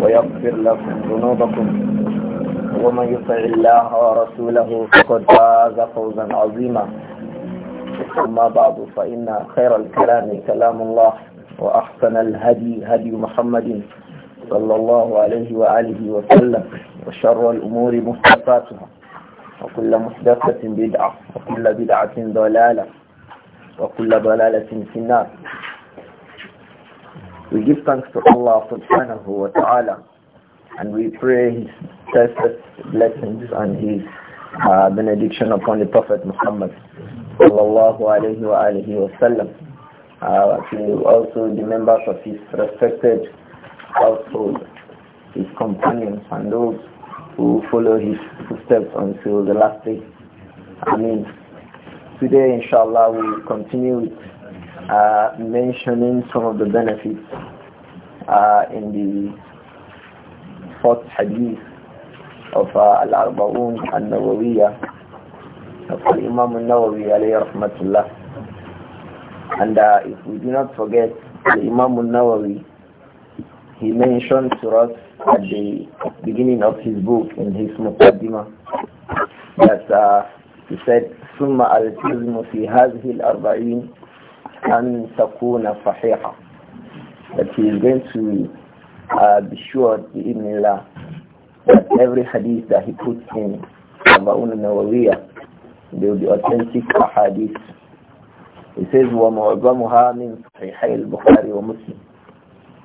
ويغفر لكم ذنوبكم ومن يطع الله ورسوله فقد فاز فوزا عظيما أما بعد فإن خير الكلام كلام الله وأحسن الهدي هدي محمد صلى الله عليه وآله وسلم وشر الأمور محدثاتها وكل محدثة بدعة وكل بدعة ضلالة وكل ضلالة في النار We give thanks to Allah subhanahu wa ta'ala and we pray His precious blessings and His uh, benediction upon the Prophet Muhammad sallallahu alayhi wa alayhi wa sallam. Uh, also the members of his respected household, his companions and those who follow his footsteps until the last day. I mean, today inshallah we continue with uh, mentioning some of the benefits uh, in the fourth hadith of uh, Al-Arba'un Al-Nawawiyah of Al-Imam Al-Nawawi alayhi rahmatullah and uh, if we do not forget the imam Al-Nawawi he mentioned to us at the beginning of his book in his Muqaddimah that uh, he said ثم التزم في هذه الأربعين and تكون صحيحة that he is going to uh, be sure in Allah, that every hadith that he puts in أربعون Nawawiya they will be authentic hadith he says ومعظمها من صحيحي wa ومسلم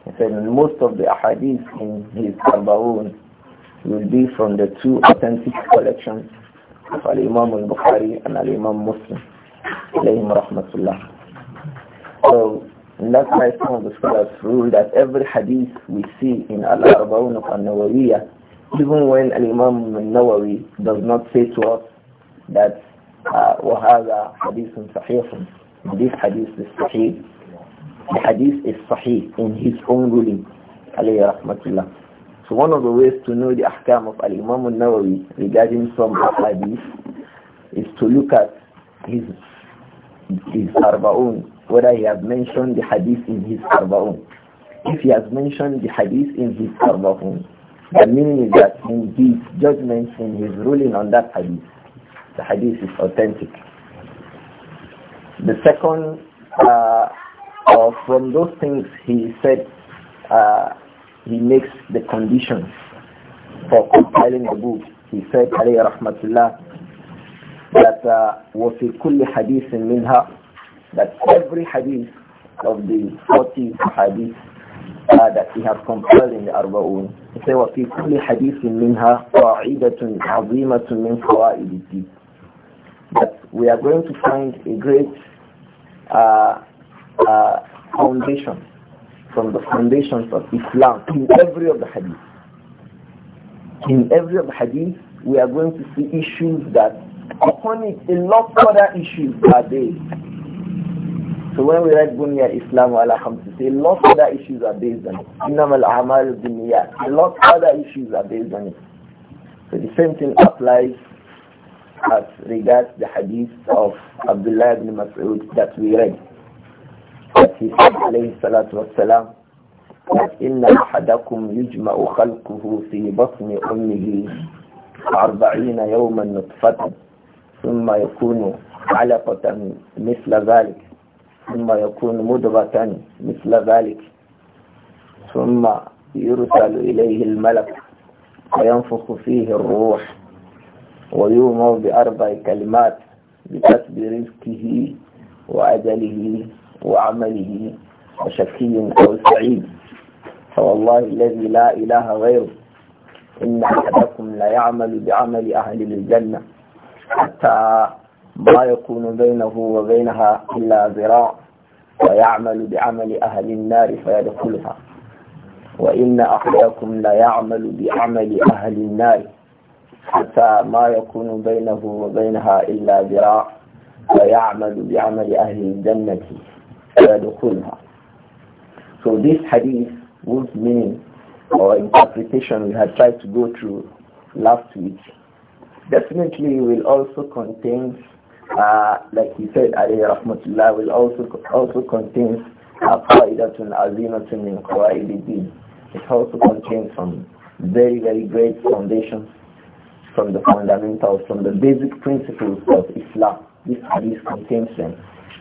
he said most of the hadiths in his أربعون will be from the two authentic collections of Al-Imam al-Bukhari and Al-Imam Muslim. Alayhim rahmatullah. So that's why some of the scholars rule that every hadith we see in Al-Arba'un of Al-Nawawiyah, even when Al-Imam Al-Nawawi does not say to us that uh, وَهَذَا حَدِيثٌ صَحِيحٌ This hadith is sahih. The hadith is sahih in his own ruling. Alayhi rahmatullah. So one of the ways to know the ahkam of Al-Imam Al-Nawawi regarding some hadith is to look at his his Arba'un, whether he has mentioned the hadith in his Arba'un. If he has mentioned the hadith in his Arba'un, the meaning is that in his judgment, in his ruling on that hadith, the hadith is authentic. The second, uh, uh, from those things he said, uh, he makes the conditions for compiling the book. He said, alayhi rahmatullah, that uh, وَفِي Hadith. In Minha, that every hadith of the 40 hadith uh, that he has compiled in the Arba'un he said وَفِي كُلِّ حَدِيثٍ مِنْهَا قَاعِدَةٌ عَظِيمَةٌ مِنْ قَوَائِدِ الدِّينِ that we are going to find a great uh, uh, foundation from the foundations of Islam in every of the hadith. In every of the hadith, we are going to see issues that Upon it, a lot other issues are based. So when we read Bunya Islam wa say a lot other issues are based on it. al amal binniyat. A lot other issues are based on it. So the same thing applies as regards the hadith of Abdullah ibn Mas'ud that we read. That he said, alayhi salatu wassalam, إن أحدكم يجمع خلقه في بطن أمه أربعين يوما نطفة ثم يكون علقة مثل ذلك ثم يكون مدغة مثل ذلك ثم يرسل إليه الملك وينفخ فيه الروح ويؤمر بأربع كلمات بكسب رزقه وأجله وعمله وشكي أو سعيد فوالله الذي لا إله غيره إن أحدكم ليعمل بعمل أهل الجنة حتى ما يكون بينه وبينها إلا ذراع ويعمل بعمل أهل النار فيدخلها وإن أحدكم لا يعمل بعمل أهل النار حتى ما يكون بينه وبينها إلا ذراع ويعمل بعمل أهل الجنة فيدخلها So this hadith whose meaning or interpretation we had tried to go through last week definitely will also contain, uh, like he said, Ali rahmatullah, will also also contain uh, qaidatun azimatun min qawaidid It also contains some very, very great foundations from the fundamentals, from the basic principles of Islam. This hadith contains them,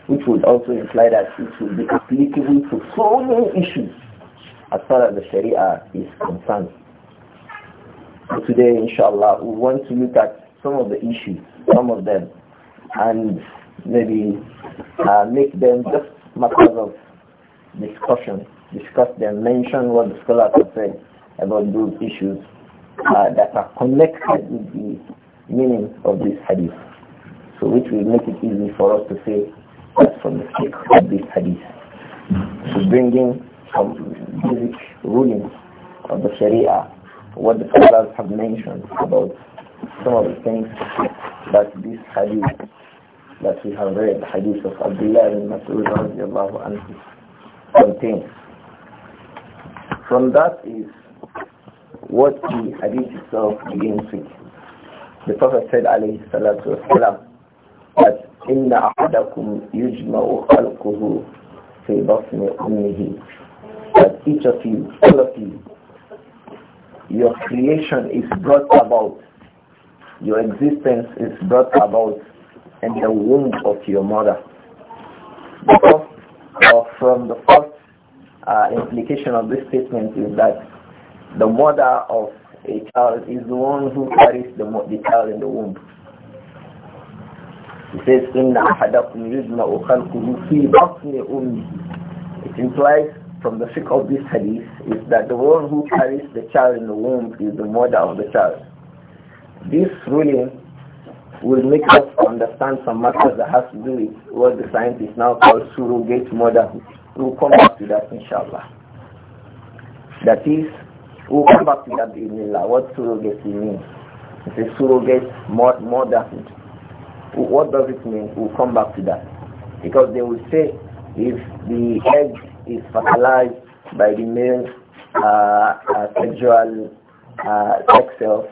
which would also imply that it will be applicable to so many issues as far as the Sharia is concerned. So today, inshallah, we want to look at some of the issues, some of them, and maybe uh, make them just matters of discussion, discuss them, mention what the scholars have said about those issues uh, that are connected with the meaning of this hadith. So which will make it easy for us to say that's from the sake of this hadith. bring bringing some basic rulings of the Sharia, what the scholars have mentioned about some of the things that this hadith that we have read, hadith of Abdullah ibn Mas'ud radiallahu anhu, contains. From that is what the hadith itself begins with. The Prophet said alayhi salatu wasalam that inna ahadakum yujma'u khalquhu fi basmi ummihi that each of you, all of you, your creation is brought about your existence is brought about in the womb of your mother. Because from the first uh, implication of this statement is that the mother of a child is the one who carries the, the child in the womb. He says, إِنَّ أَحَدَكُمْ فِي بَطْنِ أُمِّهِ It implies from the fiqh of this hadith is that the one who carries the child in the womb is the mother of the child. This ruling will make us understand some matters that has to do with what the scientists now call surrogate motherhood. We'll come back to that inshallah. That is, we'll come back to that in Allah, what surrogate means. It's a surrogate motherhood. What does it mean? We'll come back to that. Because they will say if the egg is fertilized by the male uh, uh, sexual uh, sex cells,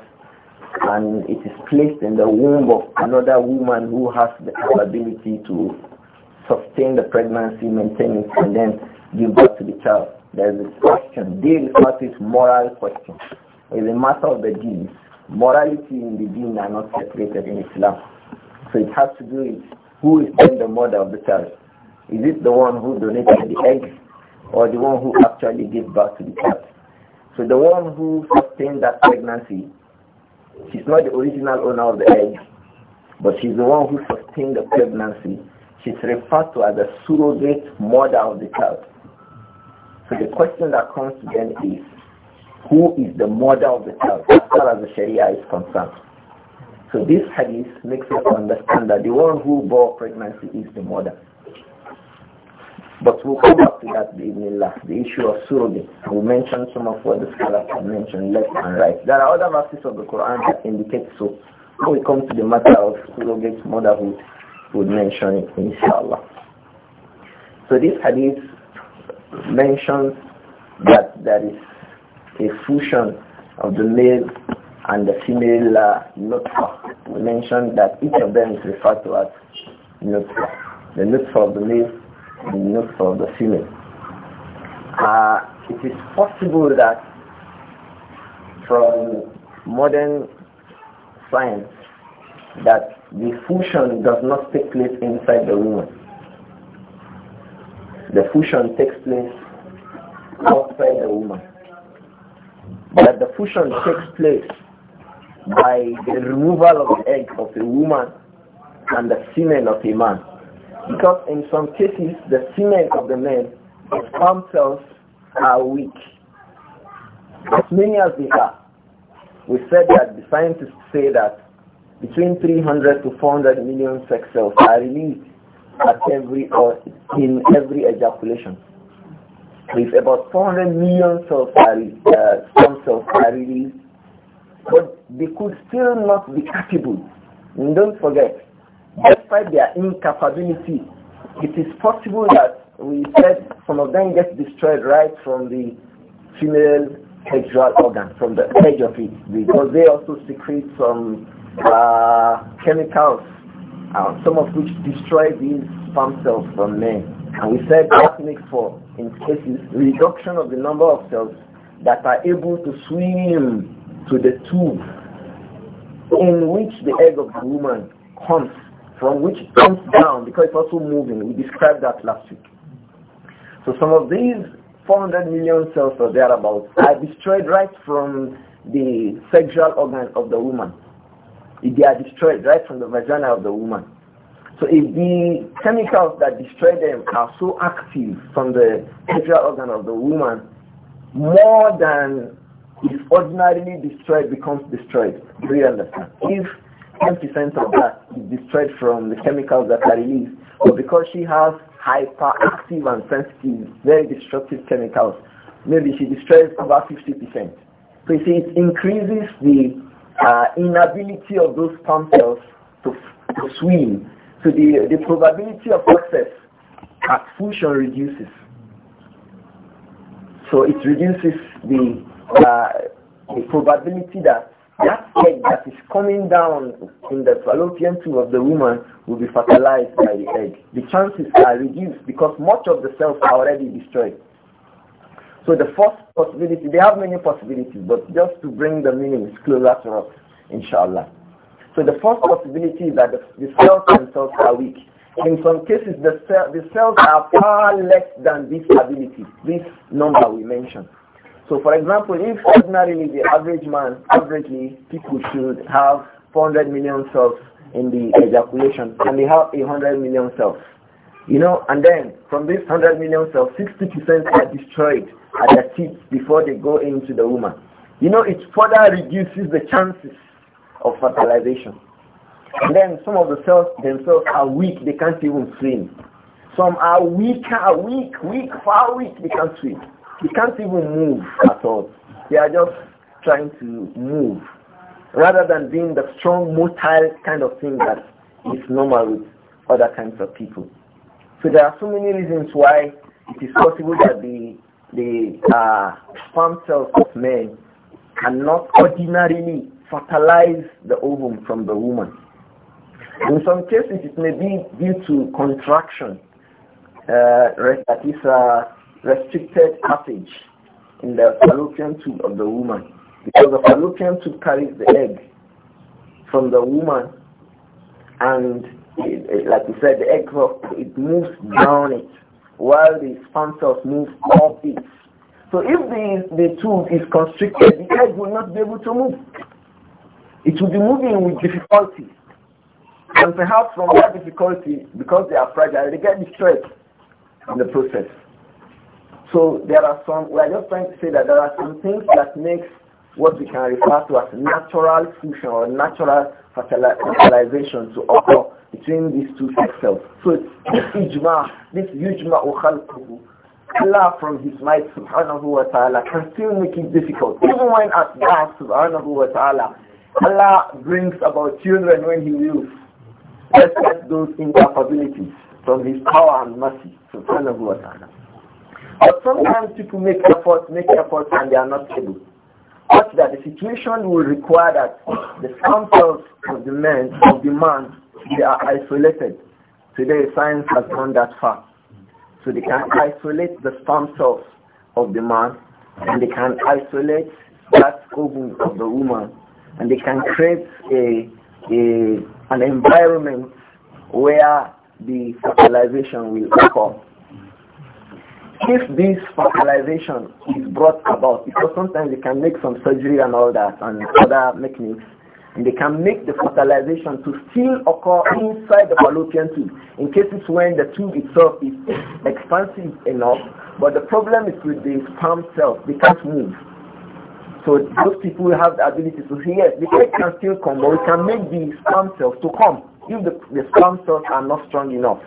and it is placed in the womb of another woman who has the capability to sustain the pregnancy, maintain it, and then give birth to the child. There is a question. This is not a moral question. It's a matter of the genes. Morality and the genes are not separated in Islam. So it has to do with who is then the mother of the child. Is it the one who donated the eggs or the one who actually gave birth to the child? So the one who sustained that pregnancy She's not the original owner of the egg, but she's the one who sustained the pregnancy. She's referred to as the surrogate mother of the child. So the question that comes to them is, who is the mother of the child as far as the Sharia is concerned? So this hadith makes us understand that the one who bore pregnancy is the mother. But we'll come back to that bi'idhnillah, the issue of surrogacy. We'll mention some of what the scholars have mentioned left and right. There are other verses of the Quran that indicate so. When we come to the matter of surrogate motherhood, we'll mention it inshallah. So this hadith mentions that there is a fusion of the male and the female uh, nutfa. We mentioned that each of them is referred to as nutfa. The nutfa of the male the notes of the ceiling. Uh, it is possible that from modern science that the fusion does not take place inside the woman. The fusion takes place outside the woman. That the fusion takes place by the removal of the egg of a woman and the semen of a man. Because in some cases, the semen of the men, the sperm cells are weak. As many as they are. We said that the scientists say that between 300 to 400 million sex cells are released at every or in every ejaculation. With about 400 million cells are, uh, sperm cells are released, but they could still not be capable. And don't forget, despite their incapability, it is possible that we said some of them get destroyed right from the female sexual organ, from the edge of it, because they also secrete some uh, chemicals, uh, some of which destroy these sperm cells from men. And we said that makes for, in cases, reduction of the number of cells that are able to swim to the tube in which the egg of the woman comes from which it comes down because it's also moving. We described that last week. So some of these 400 million cells or thereabouts are destroyed right from the sexual organ of the woman. They are destroyed right from the vagina of the woman. So if the chemicals that destroy them are so active from the sexual organ of the woman, more than is ordinarily destroyed becomes destroyed. Do you understand? If 10% of that is destroyed from the chemicals that are released. But because she has hyperactive and sensitive, very destructive chemicals, maybe she destroys about 50%. So you see, it increases the uh, inability of those sperm cells to, to swim. So the, the probability of success at fusion reduces. So it reduces the, uh, the probability that that egg that is coming down in the fallopian tube of the woman will be fertilized by the egg. The chances are reduced because much of the cells are already destroyed. So the first possibility, they have many possibilities, but just to bring the meanings closer to us, inshallah. So the first possibility is that the, the cells themselves are weak. In some cases, the, cell, the cells are far less than this ability, this number we mentioned. So for example, if ordinarily the average man, averagely, people should have 400 million cells in the ejaculation and they have 100 million cells. You know, and then from these 100 million cells, 60% are destroyed at the tip before they go into the woman. You know, it further reduces the chances of fertilization. And then some of the cells themselves are weak, they can't even swim. Some are weaker, weak, weak, far weak, they can't swim. He can't even move at all. They are just trying to move rather than being the strong, motile kind of thing that is normal with other kinds of people. So there are so many reasons why it is possible that the the uh, sperm cells of men cannot ordinarily fertilize the ovum from the woman. In some cases, it may be due to contraction, uh, that is, uh, restricted passage in the fallopian tube of the woman because the fallopian tube carries the egg from the woman and it, it, like you said the egg it moves down it while the sponsors move up it so if the, the tube is constricted the egg will not be able to move it will be moving with difficulty and perhaps from that difficulty because they are fragile they get destroyed in the process so there are some, we are just trying to say that there are some things that makes what we can refer to as natural fusion or natural fertilization to occur between these two sex cells. So this ijma, this yujma ukhalquhu, Allah from his might subhanahu wa ta'ala can still make it difficult. Even when at that subhanahu wa ta'ala, Allah brings about children when he wills. Despite those incapabilities from his power and mercy subhanahu wa ta'ala. But sometimes people make efforts, make efforts, and they are not able. Such that the situation will require that the samples of the men, of the man, they are isolated. Today science has gone that far. So they can isolate the sperm cells of the man and they can isolate that ovum of the woman and they can create a, a an environment where the fertilization will occur if this fertilization is brought about, because sometimes they can make some surgery and all that and other mechanics, and they can make the fertilization to still occur inside the fallopian tube in cases when the tube itself is expansive enough, but the problem is with the sperm cell, they can't move. So those people have the ability to say, yes, the egg can still come, but we can make the sperm cells to come if the, the sperm cells are not strong enough.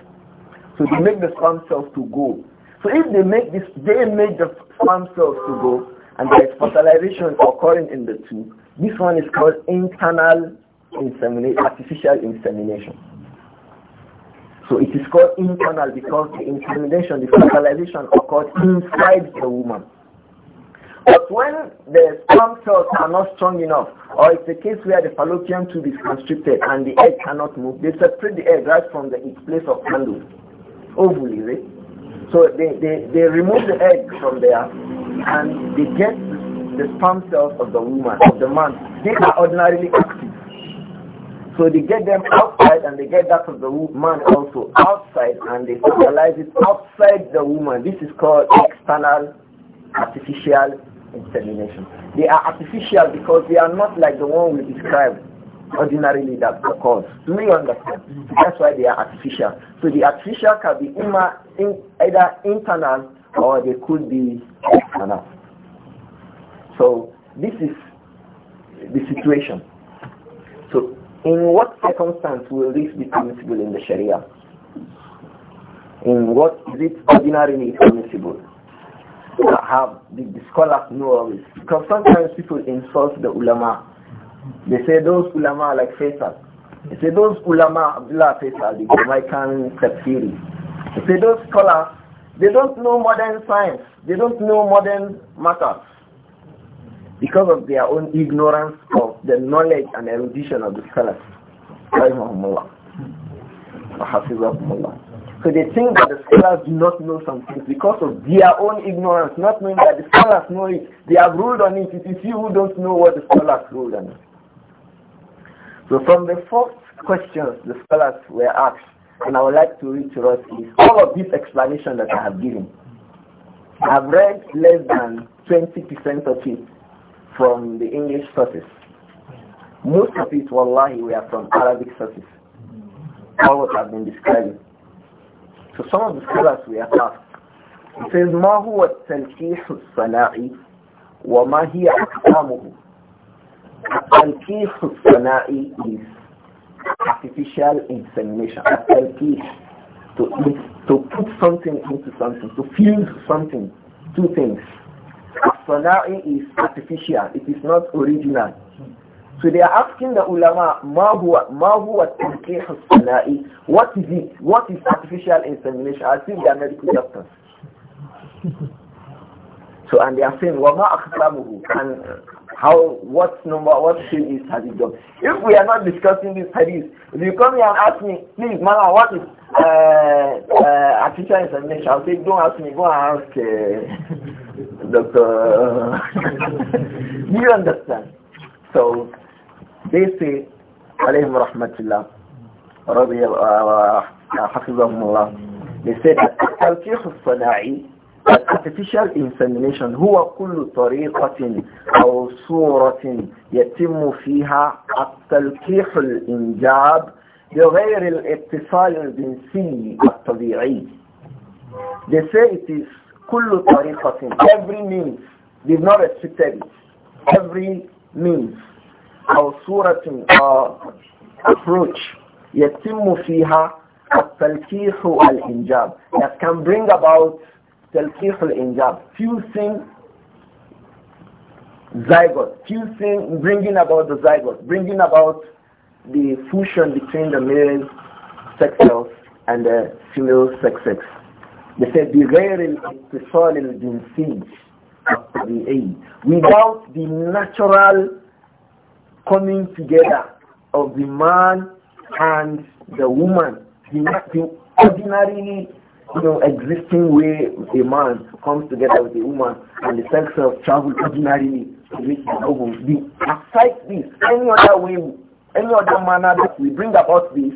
So to make the sperm cells to go so if they make this, they make the sperm cells to go, and there is fertilization occurring in the tube. This one is called internal insemination, artificial insemination. So it is called internal because the insemination, the fertilization occurs inside the woman. But when the sperm cells are not strong enough, or it's a case where the fallopian tube is constricted and the egg cannot move, they separate the egg right from the its place of handle. Ovule, right? Eh? So they, they, they remove the egg from there and they get the sperm cells of the woman, of the man. They are ordinarily active. So they get them outside and they get that of the man also outside and they fertilize it outside the woman. This is called external artificial insemination. They are artificial because they are not like the one we described ordinarily that cause Do you understand? That's why they are artificial. So the artificial can be in, either internal or they could be external. So this is the situation. So in what circumstance will this be permissible in the Sharia? In what is it ordinarily permissible? I have the, the scholars know of it. Because sometimes people insult the ulama they say those ulama like Faisal. They say those ulama, Abdullah Faisal, the Jamaican Tafsiri. They say those scholars, they don't know modern science. They don't know modern matters because of their own ignorance of the knowledge and erudition of the scholars. So they think that the scholars do not know something because of their own ignorance, not knowing that the scholars know it. They have ruled on it. It is you who don't know what the scholars ruled on. It. So from the first questions the scholars were asked, and I would like to read to us is all of this explanation that I have given. I've read less than 20% of it from the English sources. Most of it, wallahi, we are from Arabic sources. All what I've been describing. So some of the scholars we asked, it says, ما هو وما هي أقسامه Al-Kih Sana'i is artificial insemination. Al-Kih, to, to put something into something, to fuse something, two things. Sana'i is artificial, it is not original. So they are asking the ulama, ma huwa, ma huwa tankih sana'i? What is it? What is artificial insemination? I think they are medical doctors. So and they are saying, Wama Akhtamuhu and how what number what shade is hadith done. If we are not discussing this hadith, if you come here and ask me, please Mala, what is uh uh teacher examination? I'll say don't ask me, go and ask uh, Doctor Do you understand? So they say alayhim rahmatullah رضي الله حفظهم الله they said التلقيح الصناعي artificial insemination هو كل طريقة أو صورة يتم فيها التلقيح الإنجاب بغير الاتصال الجنسي الطبيعي. They say it is كل طريقة every means they've not accepted it every means أو صورة أو approach يتم فيها التلقيح الإنجاب that can bring about Talqih al-Injab, fusing zygote, fusing, bringing about the zygote, bringing about the fusion between the male sex cells and the female sex cells. They said, بغير the الجنسي without the natural coming together of the man and the woman, the, the ordinarily you know, existing way a man comes together with a woman and the sex of travel ordinarily to reach the ovum. The, aside this, any other way, any other manner that we bring about this,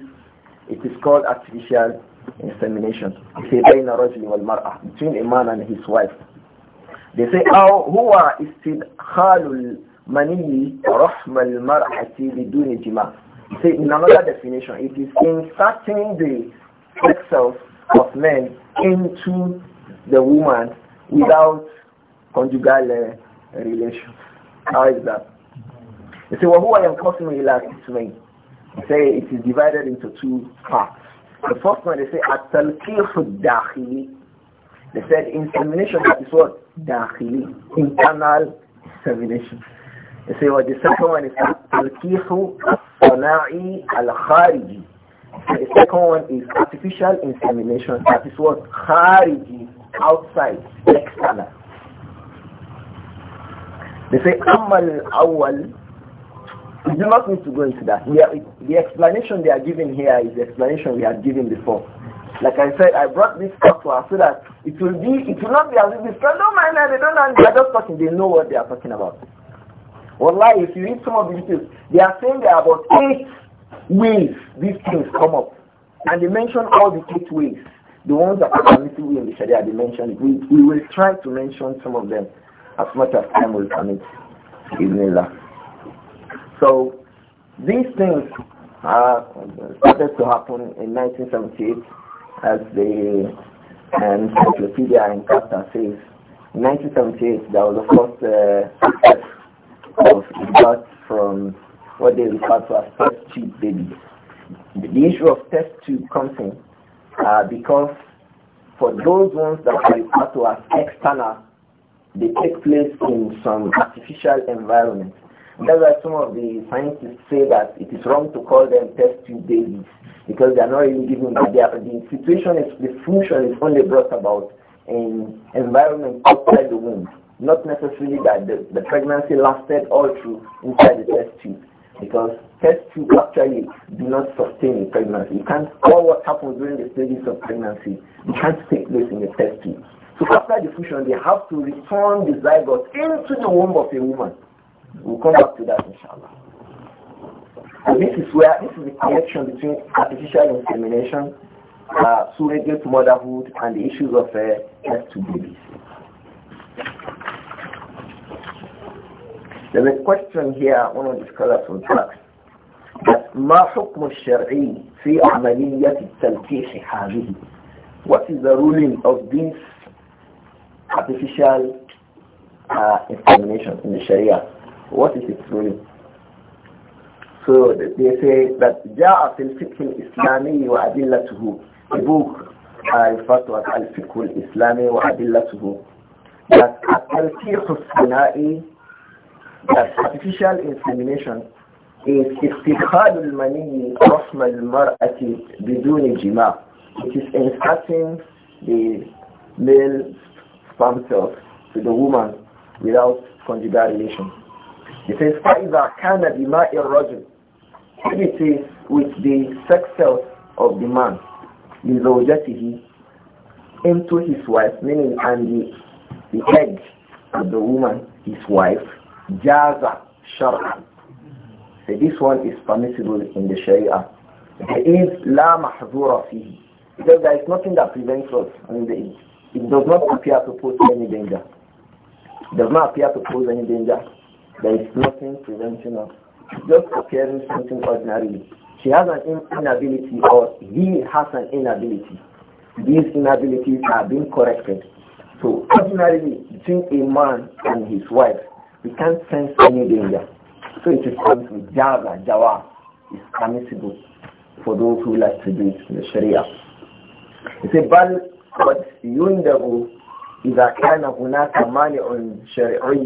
it is called artificial insemination. They say, بين الرجل والمرأة, between a man and his wife. They say, أو هو استدخال المني رحم المرأة بدون جماع. Say, in another definition, it is inserting the sex cells of men into the woman without conjugal uh, relations. How is that? They say, well, who are me like this way? They say it is divided into two parts. The first one, they say, at dakhili. They said insemination, that is what? Dakhili. Internal insemination. They say, well, the second one is at-talqifu al-sana'i al-khariji. The second one is artificial insemination. That is what is outside, external. They say amal awal. We do not need to go into that. Are, the explanation they are giving here is the explanation we are given before. Like I said, I brought this to us so that it will be, it will not be as if the don't mind they don't know, they are just talking, they know what they are talking about. Wallahi, if you read some of the details, they are saying there are about eight ways these things come up. And they mention all the eight ways. The ones that are permissible in the Sharia, they mentioned. We, we will try to mention some of them as much as time will permit. So these things uh, started to happen in 1978 as the um, encyclopedia in Qatar says. In 1978, there was the first uh, of got from what they refer to as test tube babies. The issue of test tube comes in uh, because for those ones that are referred to as external, they take place in some artificial environment. That's why some of the scientists say that it is wrong to call them test tube babies because they are not really given that they are, the situation is the fusion is only brought about in environment outside the womb, not necessarily that the, the pregnancy lasted all through inside the test tube. Because test tubes actually do not sustain a pregnancy. You can't, all what happens during the stages of pregnancy, it can't take place in the test tube. So after diffusion, they have to return the zygote into the womb of a woman. We'll come back to that inshallah. And this is where, this is the connection between artificial insemination, uh, surrogate motherhood, and the issues of uh, s babies. There's a question here, one of the scholars will ما حكم الشرعي في عملية التلقيح هذه? What is the ruling of this artificial uh, insemination in the Sharia? What is its ruling? So they say that جاء في الفقه الإسلامي وأدلته The book uh, referred to as الفقه الإسلامي وأدلته that التلقيح الثنائي that artificial insemination is استخراج المني رحم المرأة بدون جماع. It is inserting the male sperm cells to the woman without conjugal relation. It says فإذا كان بماء الرجل. If it is with the sex cells of the man, لزوجته into his wife, meaning and the, the egg of the woman, his wife, jaza shar'an. So this one is permissible in the Sharia. There is la mahzura fihi. Because there is nothing that prevents us. I mean, it does not appear to pose any danger. It does not appear to pose any danger. There is nothing preventing us. Just appearing something ordinarily. She has an inability or he has an inability. These inabilities are being corrected. So ordinarily, between a man and his wife, we can't sense any danger. So it is comes Java, Java is permissible for those who like to do it in the Sharia. It's a bal قد يندب إذا كان هناك مانع شرعي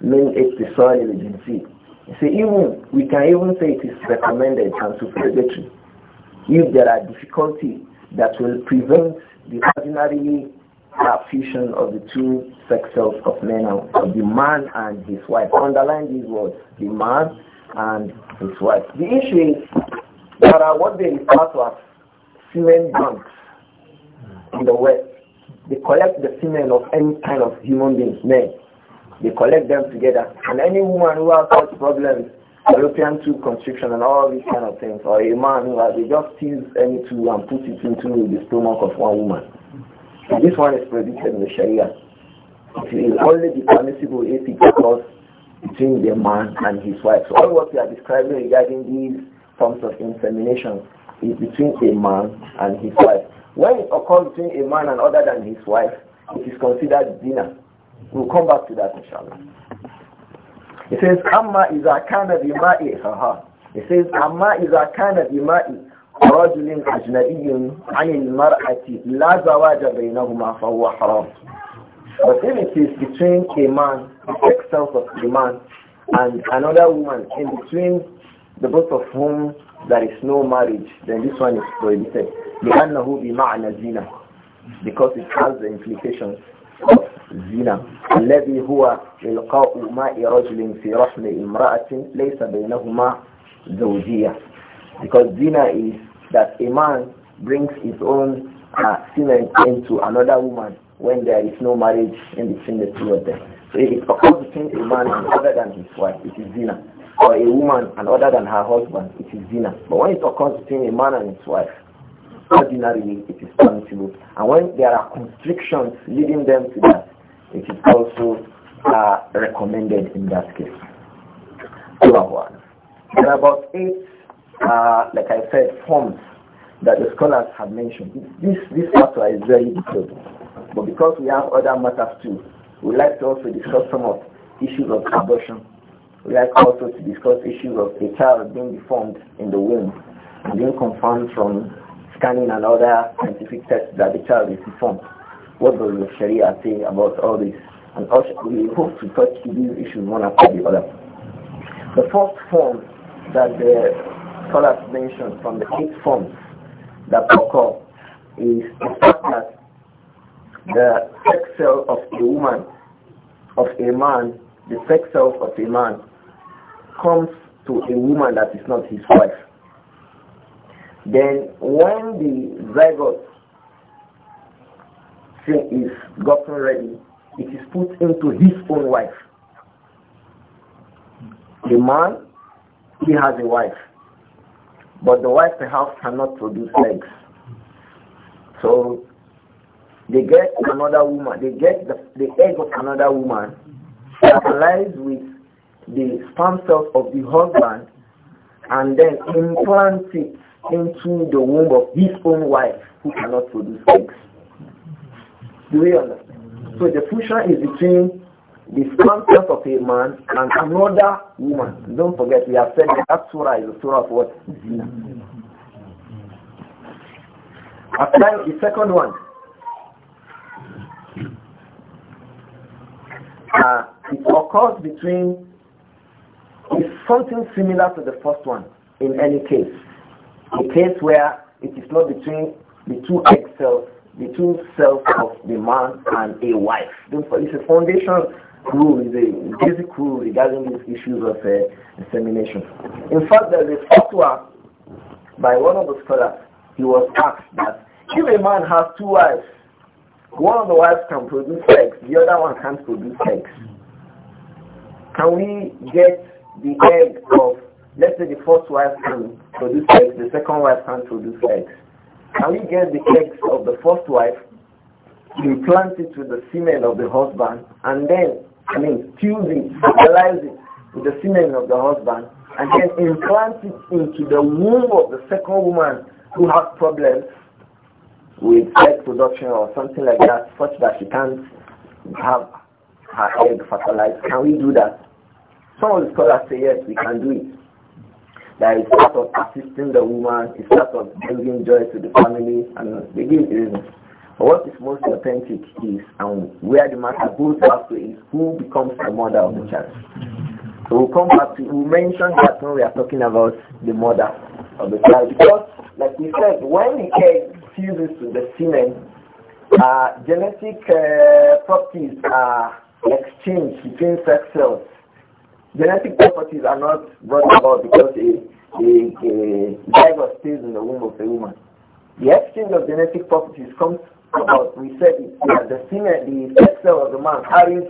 من اتصال الجنسي. You see, even, we can even say it is recommended and supererogatory if there are difficulties that will prevent the ordinary that fusion of the two sexes of men and of the man and his wife. Underline these words, the man and his wife. The issue is there are what they refer to as semen banks in the West. They collect the semen of any kind of human beings, men. They collect them together. And any woman who has such problems, European tube constriction and all these kind of things, or a man who has, they just tease any two and put it into the stomach of one woman. This one is prohibited in the Sharia. It is only permissible if it occurs between the man and his wife. So all what we are describing regarding these forms of insemination is between a man and his wife. When it occurs between a man and other than his wife, it is considered dinner. We'll come back to that inshallah. It says, Amma is a kind of It says, Amma is a kind of رجل أجنبي عن المرأة لا زواج بينهما فهو حرام But if it is between a man, the sex-self of the man, and another woman, in between the both of whom there is no marriage, then this one is prohibited. لأنه بمعنى زنا because it has the implications of zina. الذي هو إلقاء ماء رجل في رحم امرأة ليس بينهما زوجية because zina is that a man brings his own uh, semen into another woman when there is no marriage in between the two of them. So it occurs between a man and other than his wife, it is zina. Or a woman and other than her husband, it is zina. But when it occurs between a man and his wife, ordinarily it is permissible. And when there are constrictions leading them to that, it is also uh, recommended in that case. There are about eight uh, like I said, forms that the scholars have mentioned. This, this matter is very detailed. But because we have other matters too, we like to also discuss some of issues of abortion. We like also to discuss issues of a child being deformed in the womb and being confirmed from scanning and other scientific tests that the child is deformed. What does the Sharia say about all this? And also we hope to touch these issues one after the other. The first form that the scholars mentioned from the eight forms that occur is the fact that the sex cell of a woman, of a man, the sex cell of a man comes to a woman that is not his wife. Then when the zygote is gotten ready, it is put into his own wife. A man, he has a wife. But the wife perhaps cannot produce eggs. So they get another woman, they get the, the egg of another woman, fertilized with the sperm cells of the husband, and then implant it into the womb of his own wife who cannot produce eggs. Do you understand? So the fusion is between the conscience of a man and another woman. Don't forget, we have said that, surah is a surah of what? Zina. the second one, uh, it occurs between It's something similar to the first one in any case. A case where it is not between the two egg the two selves of the man and a wife. Don't forget, it's a foundation rule, a basic rule regarding these issues of uh, insemination. In fact, there is a fatwa by one of the scholars. He was asked that if a man has two wives, one of the wives can produce eggs, the other one can't produce eggs. Can we get the egg of, let's say the first wife can produce eggs, the second wife can't produce eggs. Can we get the eggs of the first wife implant it with the semen of the husband and then I mean, fusing, fertilizing with the semen of the husband and then implant it into the womb of the second woman who has problems with egg production or something like that such that she can't have her egg fertilized. Can we do that? Some of the scholars say yes, we can do it. That is part of assisting the woman, it's part of bringing joy to the family, and they give reasons. What is most authentic is, and where the matter goes back to is who becomes the mother of the child. So we'll come back to, we mentioned that when we are talking about the mother of the child. Because, like we said, when the egg fuses to the semen, uh, genetic uh, properties are exchanged between sex cells. Genetic properties are not brought about because a, a, a zygote stays in the womb of the woman. The exchange of genetic properties comes about, we said that the semen, the sex cell of the man carries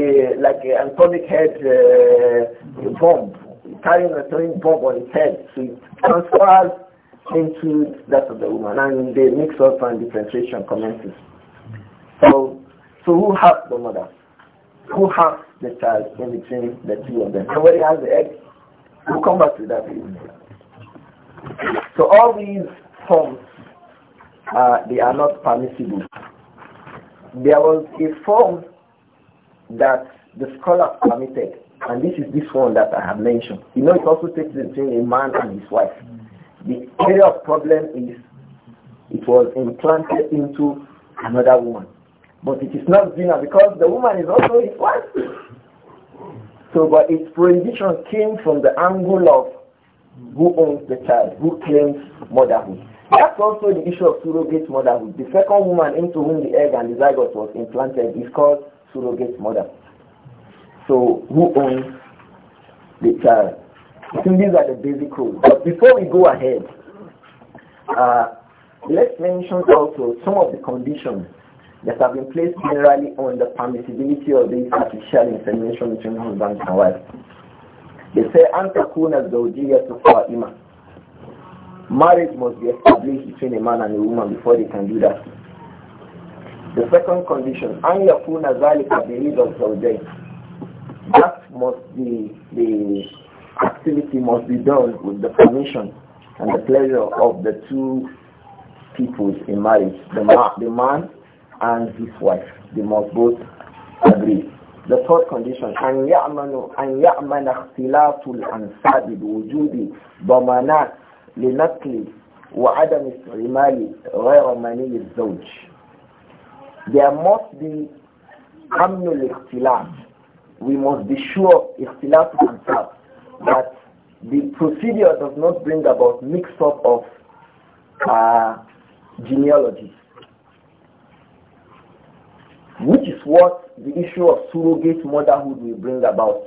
a, like an atomic head uh, bomb, carrying an atomic bomb on his head. So it transfers into that of the woman and the mix up and differentiation commences. So, so who has the mother? Who has the child in between the two of them? Somebody has the egg? We'll come back to that. So all these forms uh, they are not permissible. There was a form that the scholar permitted, and this is this one that I have mentioned. You know, it also takes between a man and his wife. The area of problem is it was implanted into another woman. But it is not zina because the woman is also his wife. So, but its prohibition came from the angle of who owns the child, who claims motherhood. That's also the issue of surrogate motherhood. The second woman into whom the egg and the zygote was implanted is called surrogate mother. So who owns the child? I think these are the basic rules. But before we go ahead, uh, let's mention also some of the conditions that have been placed generally on the permissibility of this artificial insemination between husband and wife. They say, أن تكون الزوجية صائمة marriage must be established between a man and a woman before they can do that. The second condition, أن يكون ذلك بريد الزوجين. That must be the activity must be done with the permission and the pleasure of the two people in marriage, the, ma the man and his wife. They must both agree. The third condition, أن يأمن أن يأمن اختلاف الأنساب بوجود ضمانات لنقل وعدم استعمال غير مني الزوج there must be أمن الاختلاف we must be sure اختلاف himself that the procedure does not bring about mix-up of uh, genealogies which is what the issue of surrogate motherhood will bring about.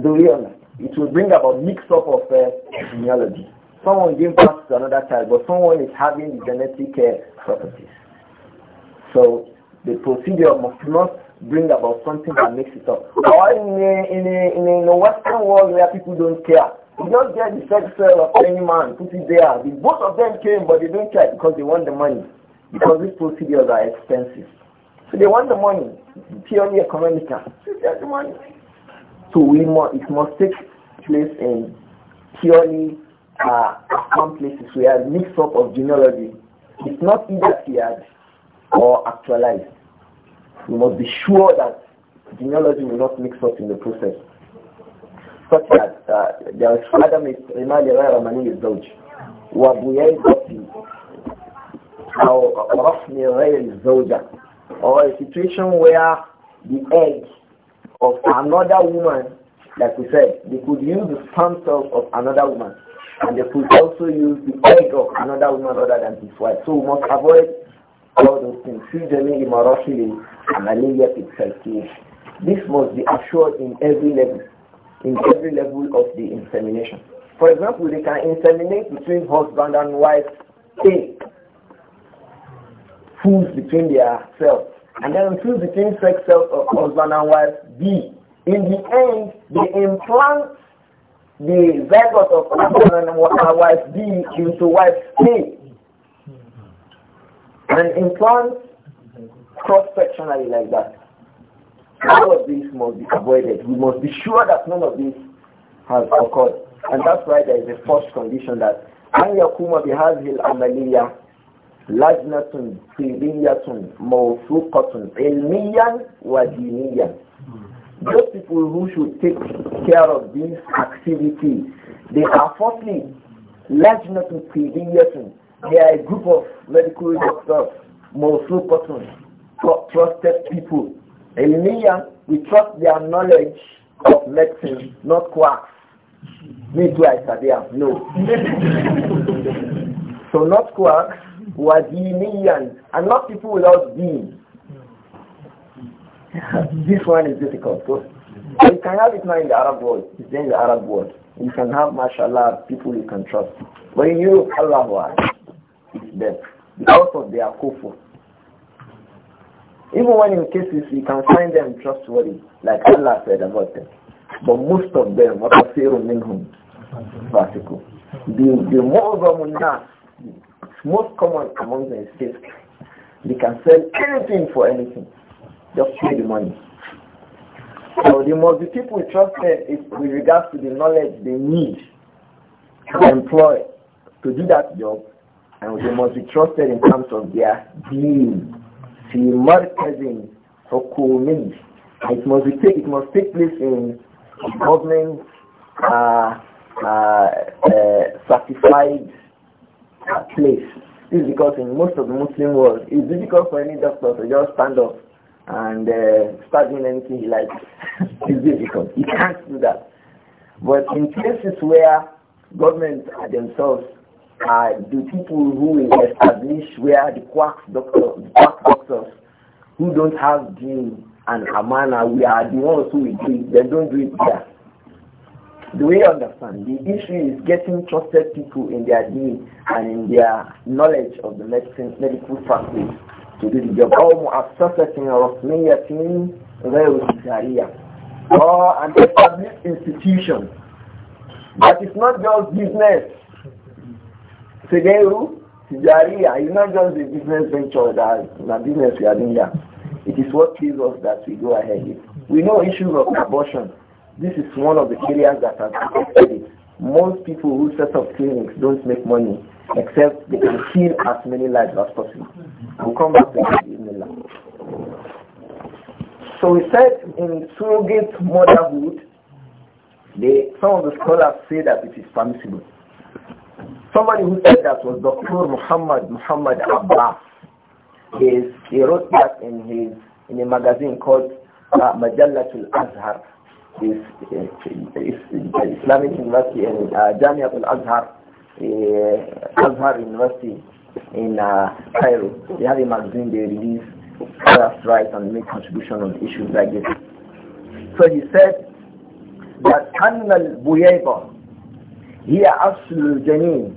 Do we understand? it will bring about mix-up of uh, genealogy. Someone gave birth to another child, but someone is having the genetic uh, properties. So the procedure must not bring about something that makes it up. Or in the in in the in Western world where people don't care, you don't get the sex cell of any man, put it there. The, both of them came, but they don't care because they want the money. Because these procedures are expensive. So they want the money, purely economical. So the money. So we must, it must take place in purely uh, some We are mix up of genealogy it's not either cleared or actualized. We must be sure that genealogy will not mix up in the process. Such that uh, there is Adam is a Ramani is Zawj. وَبُيَيْ قَتِي أو رفن غير الزوجة or a situation where the egg of another woman, like we said, they could use the sperm cells of another woman. And they could also use the egg of another woman rather than his wife. So we must avoid all those things. in immorality and malaria itself. This must be assured in every level, in every level of the insemination. For example, they can inseminate between husband and wife, A, fools between their selves. And then through between sex of husband and wife, B. In the end, they implant the virus of husband and wife B into wife C. And implant cross-sectionally like that. All of this must be avoided. We must be sure that none of this has occurred. And that's why there is a first condition that أن يقوم بهذه العملية لجنة طبية موثوقة علميا ودينيا Those people who should take care of these activities, they are firstly لجنة طبية They are a group of medical doctors, موثوقة trusted people. علميا, we trust their knowledge of medicine, not quacks. Me too, I said, yeah, no. so not quacks, wadiniyan, and not people without being. this one is difficult. So you can have it now in the Arab world. It's in the Arab world. You can have, mashallah, people you can trust. But in Europe, Allah it's them because of their kufu. Even when in cases you can find them trustworthy, like Allah said about them. But most of them, what are minhum? Fasiku. The, the mu'azamun nas, most common among them is this. They can sell anything for anything. Just pay the money. So the most the people trusted is with regards to the knowledge they need to employ to do that job and they must be trusted in terms of their deen. في مركز حكومي it must be take, it must take place in government uh, uh, uh, certified that place. This is because in most of the Muslim world, it's difficult for any doctor to just stand up and uh, start doing anything he likes. it's difficult. He can't do that. But in places where governments themselves are uh, the people who will establish where the quack doctor, doctors who don't have deen and amana, we are the ones who will do it. They don't do it there. The way I understand? The issue is getting trusted people in their need and in their knowledge of the medicine, medical practice to do the job. a مؤسسة رسمية غير تجارية or an established institution it's not just business. Segeru, Tijariya It's not just a business venture that the business we are doing here. It is what gives us that we go ahead. We know issues of abortion this is one of the areas that has affected it. Most people who set up clinics don't make money except they can kill as many lives as possible. We'll come back to that in the lab. So we said in surrogate motherhood, they, some of the scholars say that it is permissible. Somebody who said that was Dr. Muhammad Muhammad Abbas. He, he wrote that in his in a magazine called uh, Majallatul Azhar is, Islamic University in uh, Jamiat al-Azhar, uh, Azhar University in uh, Cairo. They have a magazine they release scholars write and make contribution on issues like this. So he said that Annal Buyeba, he Absol Janin,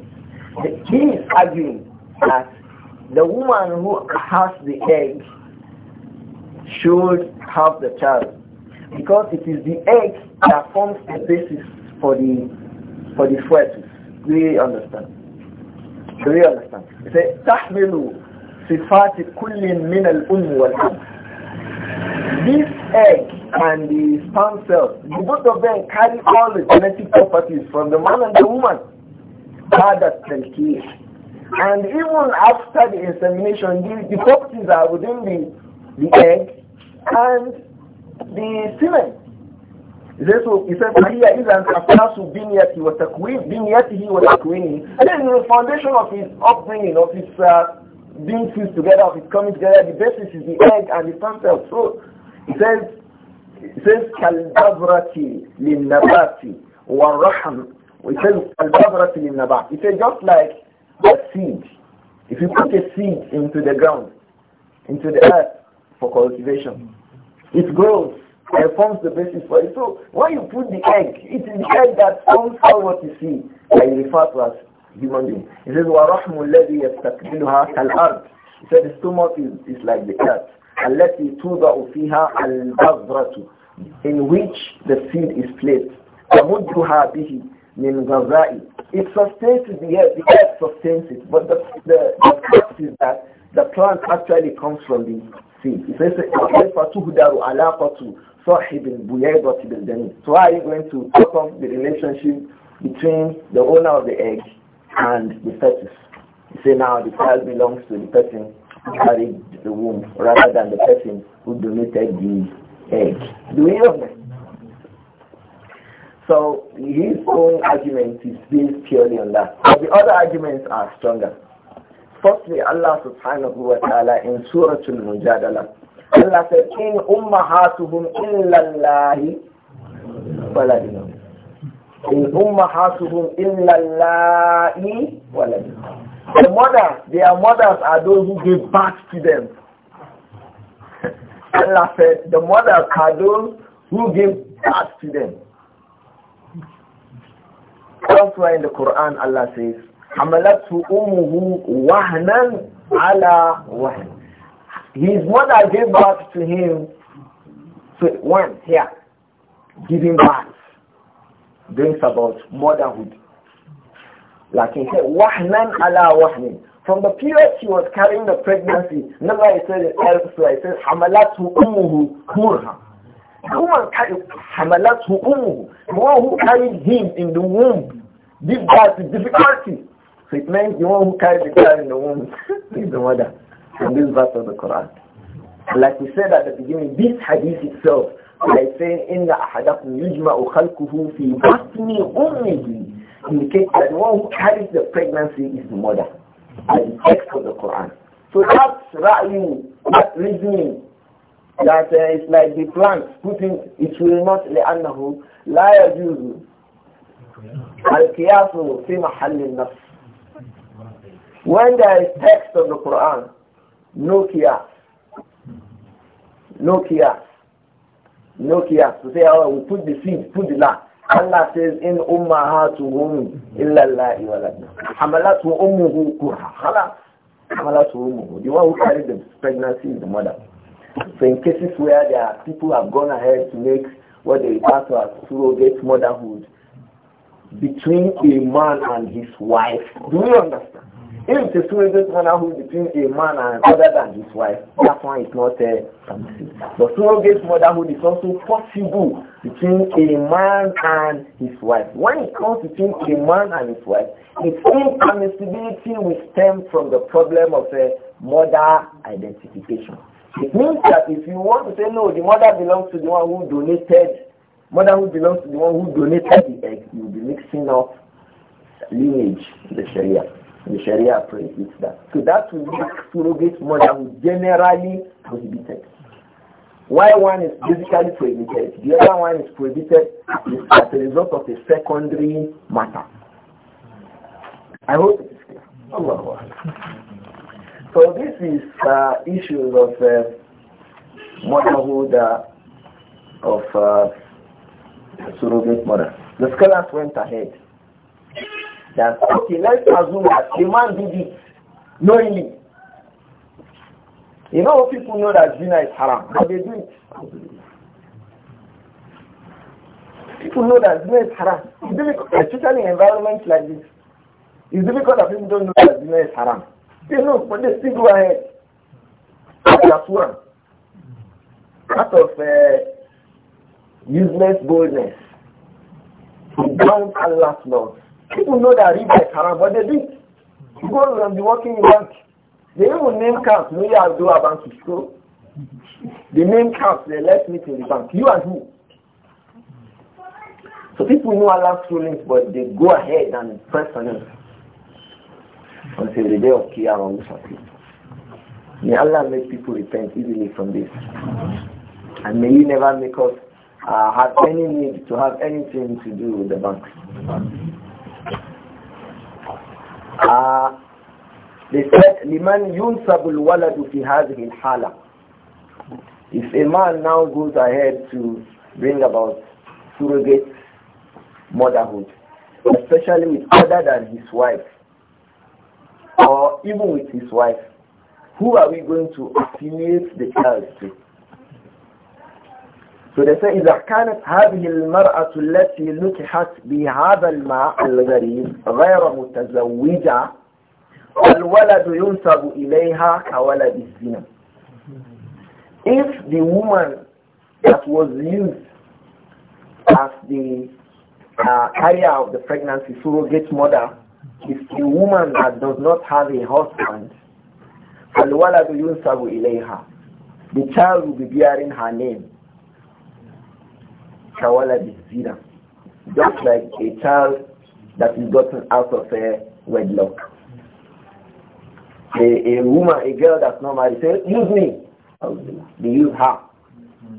he is arguing that the woman who has the egg should have the child because it is the egg that forms the basis for the for the fetus. We understand. We understand. It says tahmilu sifati kullin min al um This egg and the sperm cells, the both of them carry all the genetic properties from the man and the woman. Father Telkish. And even after the insemination, the, the properties are within the, the egg and the cement. He says, he says, Maria is an afasu binyati wa takwin, binyatihi wa takwini. And then the foundation of his upbringing, of his uh, being fused together, of his coming together, the basis is the egg and the sperm cell. So, he says, he says, kalbabrati linnabati wa raham. He says, kalbabrati linnabati. He says, just like a seed. If you put a seed into the ground, into the earth for cultivation, it grows and forms the basis for it. So when you put the egg, it is the egg that forms out what you see that you refer to as human being. It says, وَرَحْمُ الَّذِي يَسْتَقْبِلُهَا كَالْأَرْض He said the stomach is, is like the earth. الَّتِي تُوضَعُ فِيهَا الْبَذْرَةُ In which the seed is placed. تَمُدُّهَا بِهِ مِنْ غَذَائِ It sustains the earth, the earth sustains it. But the, the, the fact is that the plant actually comes from the seed. It says, فَتُهْدَرُ عَلَاقَةُ صَاحِبٍ بُيَيْضَةِ بِالْبَنِينَ So how are you going to cut off the relationship between the owner of the egg and the fetus? You say now the child belongs to the person who carried the womb rather than the person who donated the egg. Do we understand? So his own argument is based purely on that. But the other arguments are stronger. Firstly, Allah subhanahu wa ta'ala in Surah Al-Mujadala, Allah said, In ummahatuhum illallahi waladina. In ummahatuhum illallahi waladina. The mother, their mothers are those who give birth to them. Allah said, the mothers are those who give birth to them. Elsewhere in the Quran, Allah says, حملته أمه وهنا على وهن His mother gave birth to him so one here, giving birth brings about motherhood. Like he said, wahnan ala wahnin. From the period she was carrying the pregnancy, never I said it elsewhere, I said, hamalatu umuhu kurha. The woman carried hamalatu umuhu, the one who carried him in the womb, This birth with difficulty. So it means the one who carries the child in the womb is the mother. From this verse of the Quran. Like we said at the beginning, this hadith itself, like saying, إِنَّ أَحَدَكُمْ يُجْمَعُ خَلْقُهُ فِي بَطْنِ أُمِّهِ indicates that the one who carries the pregnancy is the mother. That is the text of the Quran. So that's ra'yu, that reasoning, that uh, it's like the plant putting, it will not لأنه لا يجوز الْكِيَاسُ في محل النفس when there is text of the Quran, no qiyas. No qiyas. No qiyas. To say, oh, we put the seed, put the land. Allah says, in ummahatuhum illa Allahi waladna. Hamalatu ummuhu kurha. Halas. Hamalatu ummuhu. The one who carried the pregnancy is the mother. So in cases where there are people who have gone ahead to make what they refer to as surrogate motherhood between a man and his wife, do you understand? If the two agents motherhood between a man and other than his wife, that one is not a uh, But surrogate motherhood is also possible between a man and his wife. When it comes between a man and his wife, its impermissibility will stem from the problem of a uh, mother identification. It means that if you want to say no, the mother belongs to the one who donated, mother who belongs to the one who donated the egg, you'll be mixing up lineage in the Sharia. The Sharia prohibits that. So that will make surrogate mother generally prohibited. Why one is basically prohibited, the other one is prohibited is as a result of a secondary matter. I hope it is clear. So this is uh, issues of uh, motherhood uh, of uh, surrogate mother. The scholars went ahead that okay, let's assume that a man did it knowingly. You know, people know that zina is haram, but they do it. People know that zina is haram. It's difficult, especially in environments like this. It's difficult that people don't know that zina is haram. They know, but they still go ahead. That's one. Out of uh, useless boldness, don't Allah's laws. People know that we is haram, but they do not You go and be working in bank. They even name camps. No, you have to do a bank to school. They name camps. They let me to the bank. You and who? So people know Allah's rulings, but they go ahead and press on it until the day of Qiyamah May Allah make people repent easily from this. And may you never make us uh, have any need to have anything to do with the banks. Uh, they said, لِمَنْ يُنْسَبُ الْوَلَدُ فِي هَذِهِ الْحَالَةِ If a man now goes ahead to bring about surrogate motherhood, especially with other than his wife, or even with his wife, who are we going to affiliate the child to? So they say إذا كانت هذه المرأة التي نكحت بهذا الماء الغريب غير متزوجة الولد ينسب إليها كولد الزنا. If the woman that was used as the uh, carrier of the pregnancy surrogate mother is the woman that does not have a husband, فالولد ينسب إليها. The child will be bearing her name. Kawala zina, just like a child that is gotten out of a wedlock. A, a woman, a girl that's not married, says, use me. They use her.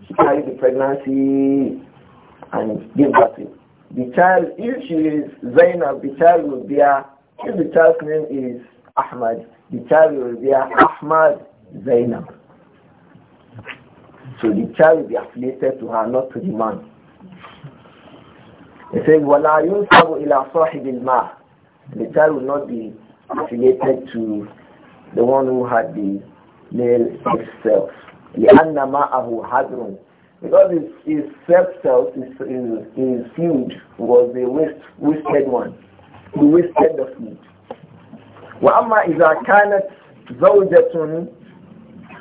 She the pregnancy and give birth to the child, if she is Zainab, the child will be bear, if the child's name is Ahmad, the child will a Ahmad Zainab. So the child will be affiliated to her, not to the man. He said, وَلَا يُنْسَبُ ila صَاحِبِ الْمَا The child will not be affiliated to the one who had the male sex self. لِأَنَّ مَاءَهُ حَذْرٌ Because his, his self self, is his, food was a waste, wasted one. He wasted the food. وَأَمَّا إِذَا كَانَتْ زَوْجَةٌ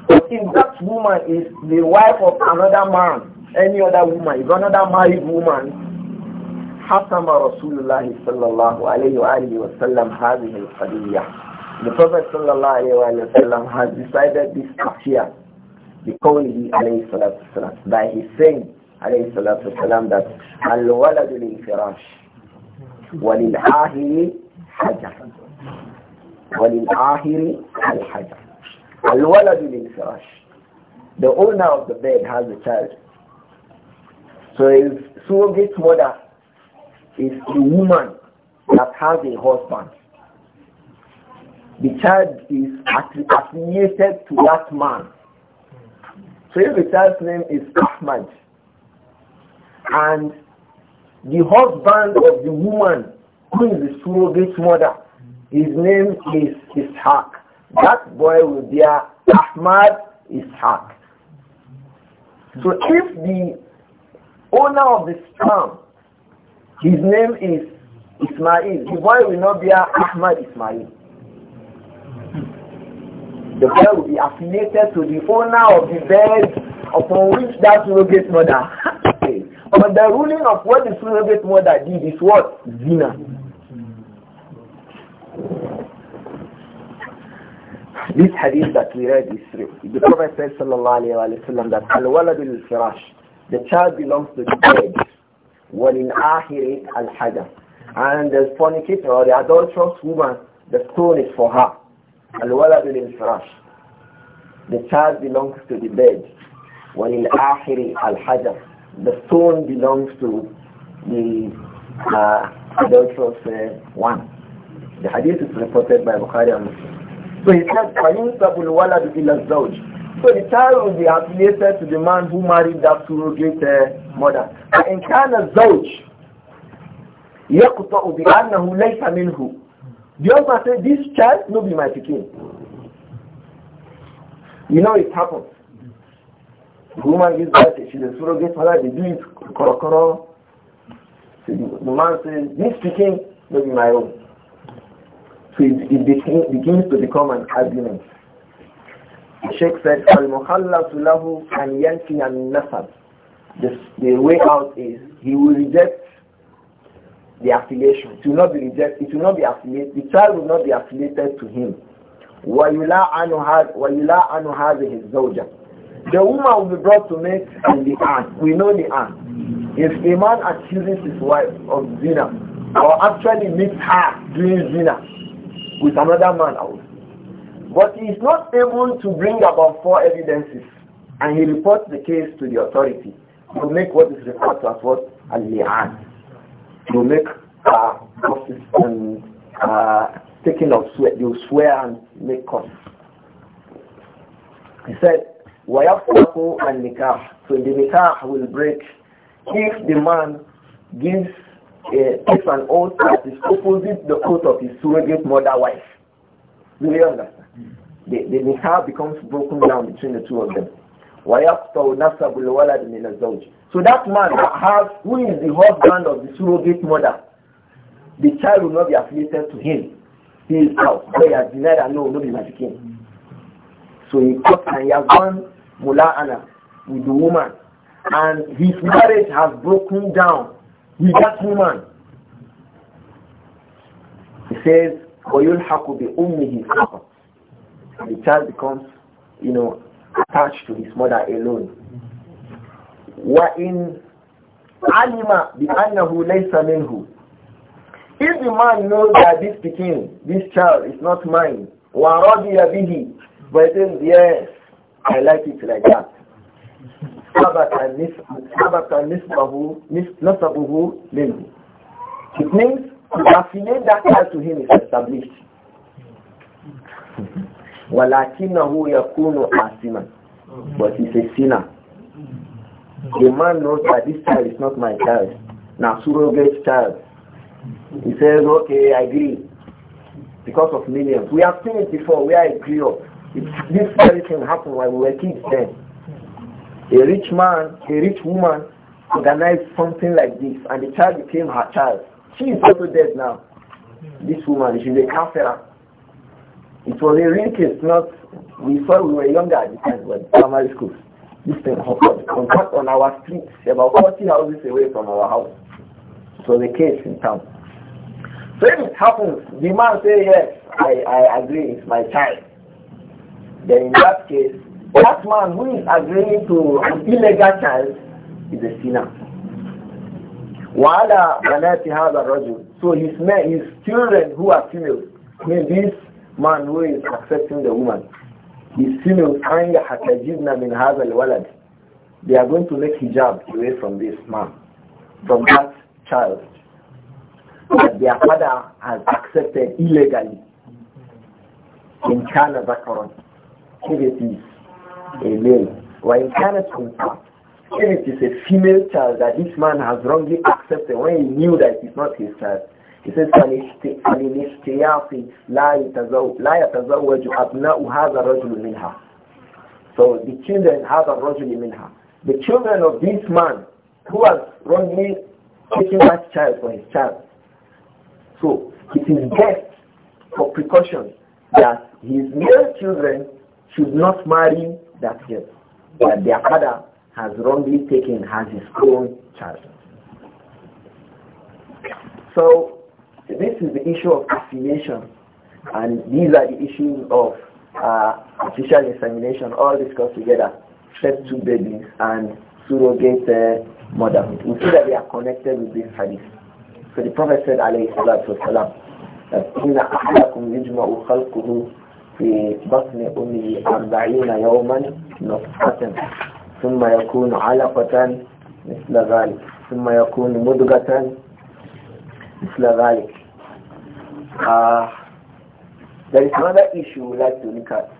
But if that woman is the wife of another man, any other woman, if another married woman, حسم رسول الله صلى الله عليه وآله وسلم هذه القضية The Prophet صلى الله عليه وآله وسلم has decided this affair بقوله عليه الصلاة والسلام by his saying عليه الصلاة والسلام that الولد للفراش وللآخر حجر وللآخر الحجر الولد للفراش The owner of the bed has a child. So his surrogate mother is a woman that has a husband. The child is affiliated to that man. So if the child's name is Ahmad and the husband of the woman who is the surrogate mother, his name is Ishaq. That boy will be Ahmad Ishaq. So if the owner of the sperm his name is Ismail. The boy will not be Ahmad Ismail. The boy will be affiliated to the owner of the bed upon which that surrogate mother But the ruling of what the surrogate mother did is what? Zina. This hadith that we read is true. The Prophet said sallallahu alayhi wa sallam that al-walad al-firash, the child belongs to the bed. وَلِلْآخِرِ الْحَجَرِ And the fornicator or the adulterous woman, the stone is for her. الْوَلَدُ لِلْفِرَاشِ The child belongs to the bed. وَلِلْآخِرِ The stone belongs to the uh, adulterous uh, one. The hadith is reported by Bukhari and Muslim. So he said, so the child will be affiliated to the man who married that surrogate uh, mother. فإن كان الزوج يقطع بأنه ليس منه. The husband said, this child no be my pikin. You know it happens. The woman gives birth, she's a surrogate mother, they do it korokoro. So the man says, this pikin no be my own. So it, it begins to become an argument. The Sheikh said, Al-Mukhallatu lahu an yanki an nasab. The way out is he will reject the affiliation. It will not be rejected. It will not be affiliated. The child will not be affiliated to him. وَيُلَا هَذِهِ الزَّوْجَةِ the woman will be brought to make and the aunt. We know the aunt. If a man accuses his wife of zina, or actually meets her during zina with another man, but he is not able to bring about four evidences and he reports the case to the authority. to make what is referred to as what? as lian He to make uh, curses and uh, taking of swear. They will swear and make curses. He said, and nikah? So the nikah will break if the man gives uh, takes an oath that is opposite the oath of his surrogate mother wife. Do you understand? the, the nihab becomes broken down between the two of them. So that man that has, who is the husband of the surrogate mother, the child will not be affiliated to him. He is out. So he has denied and no, no be my king. So he got and he has gone mula'ana with the woman. And his marriage has broken down with that woman. He says, the child becomes, you know, attached to his mother alone. وَإِنْ عَلِمَ بِأَنَّهُ لَيْسَ مِنْهُ If the man knows that this pekin, this child is not mine, وَرَضِيَ بِهِ But he says, yes, I like it like that. ثبت نسبه نسبه منه. It means the affiliate that child to him is established walakinahu yakunu asina, mm. but he's a sinner the man knows that this child is not my child now surrogate child he says okay i agree because of millions we have seen it before where i grew up it, this very thing happened when we were kids then a rich man a rich woman organized something like this and the child became her child she is also dead now this woman she's a counselor it was a real case, not, we thought we were younger at the time, but primary school. This thing happened. on our streets, about 40 houses away from our house. So the case in town. So if it happens, the man say, yes, I, I agree, it's my child. Then in that case, that man who is agreeing to an illegal child is a sinner. وعلى بنات هذا الرجل so his men, his children who are female, may this man who is accepting the woman, his female kind hatajibna min hazal walad. They are going to make hijab away from this man, from that child that their father has accepted illegally in China Zakaron. If it is a male, or in China Tunka, if it is a female child that this man has wrongly accepted when he knew that it is not his child, he says, فَلِلِشْتِيَاقِ لَا يَتَزَوَّجُ أَبْنَاءُ هَذَا الرَّجُلُ مِنْهَا So the children, هَذَا الرَّجُلُ مِنْهَا The children of this man who has wrongly taken that child for his child. So it is best for precaution that his male children should not marry that girl that their father has wrongly taken as his own child. So this is the issue of affiliation. And these are the issues of uh, artificial insemination, all discussed together. Step two babies and surrogate uh, motherhood. We see that they are connected with this hadith. So the Prophet said, alayhi salatu wasalam, that إِنَّ أَحْلَكُمْ يُجْمَعُ خَلْقُهُ في بطن أمه أربعين يوما نطفة ثم يكون علقة مثل ذلك ثم يكون مدغة Slavery. uh, ah, there is another issue we like to look at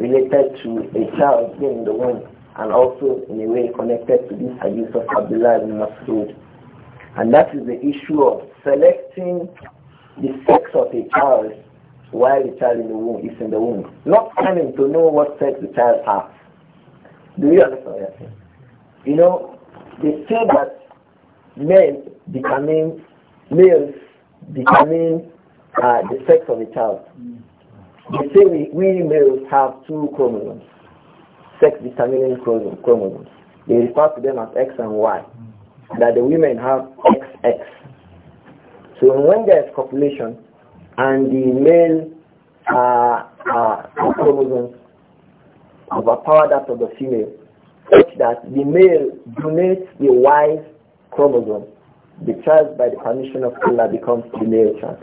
related to a child being the one and also in a way connected to this abuse of Abdullah ibn Masud. And that is the issue of selecting the sex of a child while the child in the womb is in the womb. Not coming to know what sex the child has. Do you understand what I'm saying? You know, they say that men becoming males determine uh, the sex of a child. They say we, we males have two chromosomes, sex determining chromosomes. They refer to them as X and Y. That the women have XX. So when there is copulation and the male uh, uh, chromosomes overpower that of the female, such that the male donates the Y chromosome the child by the permission of Allah becomes the male child.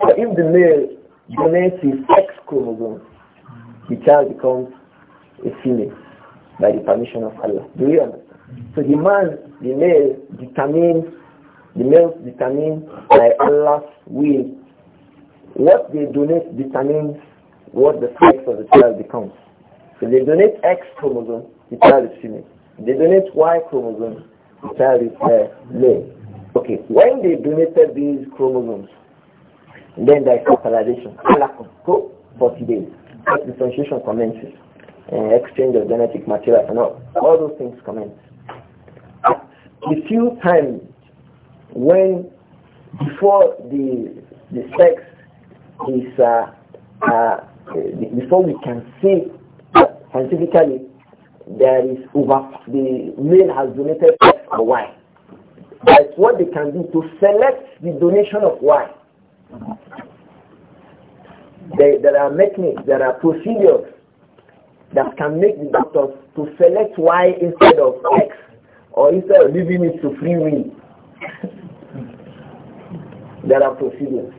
But if the male donates his sex chromosome, the child becomes a female by the permission of Allah. Do you understand? So the man, the male determines, the male determines by Allah's will. What they donate determines what the sex of the child becomes. So they donate X chromosome, the child is female. They donate Y chromosome, the child is uh, male. Okay, when they donated these chromosomes, then there is fertilization, for 40 days. But differentiation commences, uh, exchange of genetic material and all, all those things commence. At the few times when, before the, the sex is, uh, uh, before we can see scientifically, there is over, the male has donated X or Y that's what they can do to select the donation of Y. There, there are mechanisms, there are procedures that can make the doctors to select Y instead of X or instead of leaving it to free will. there are procedures.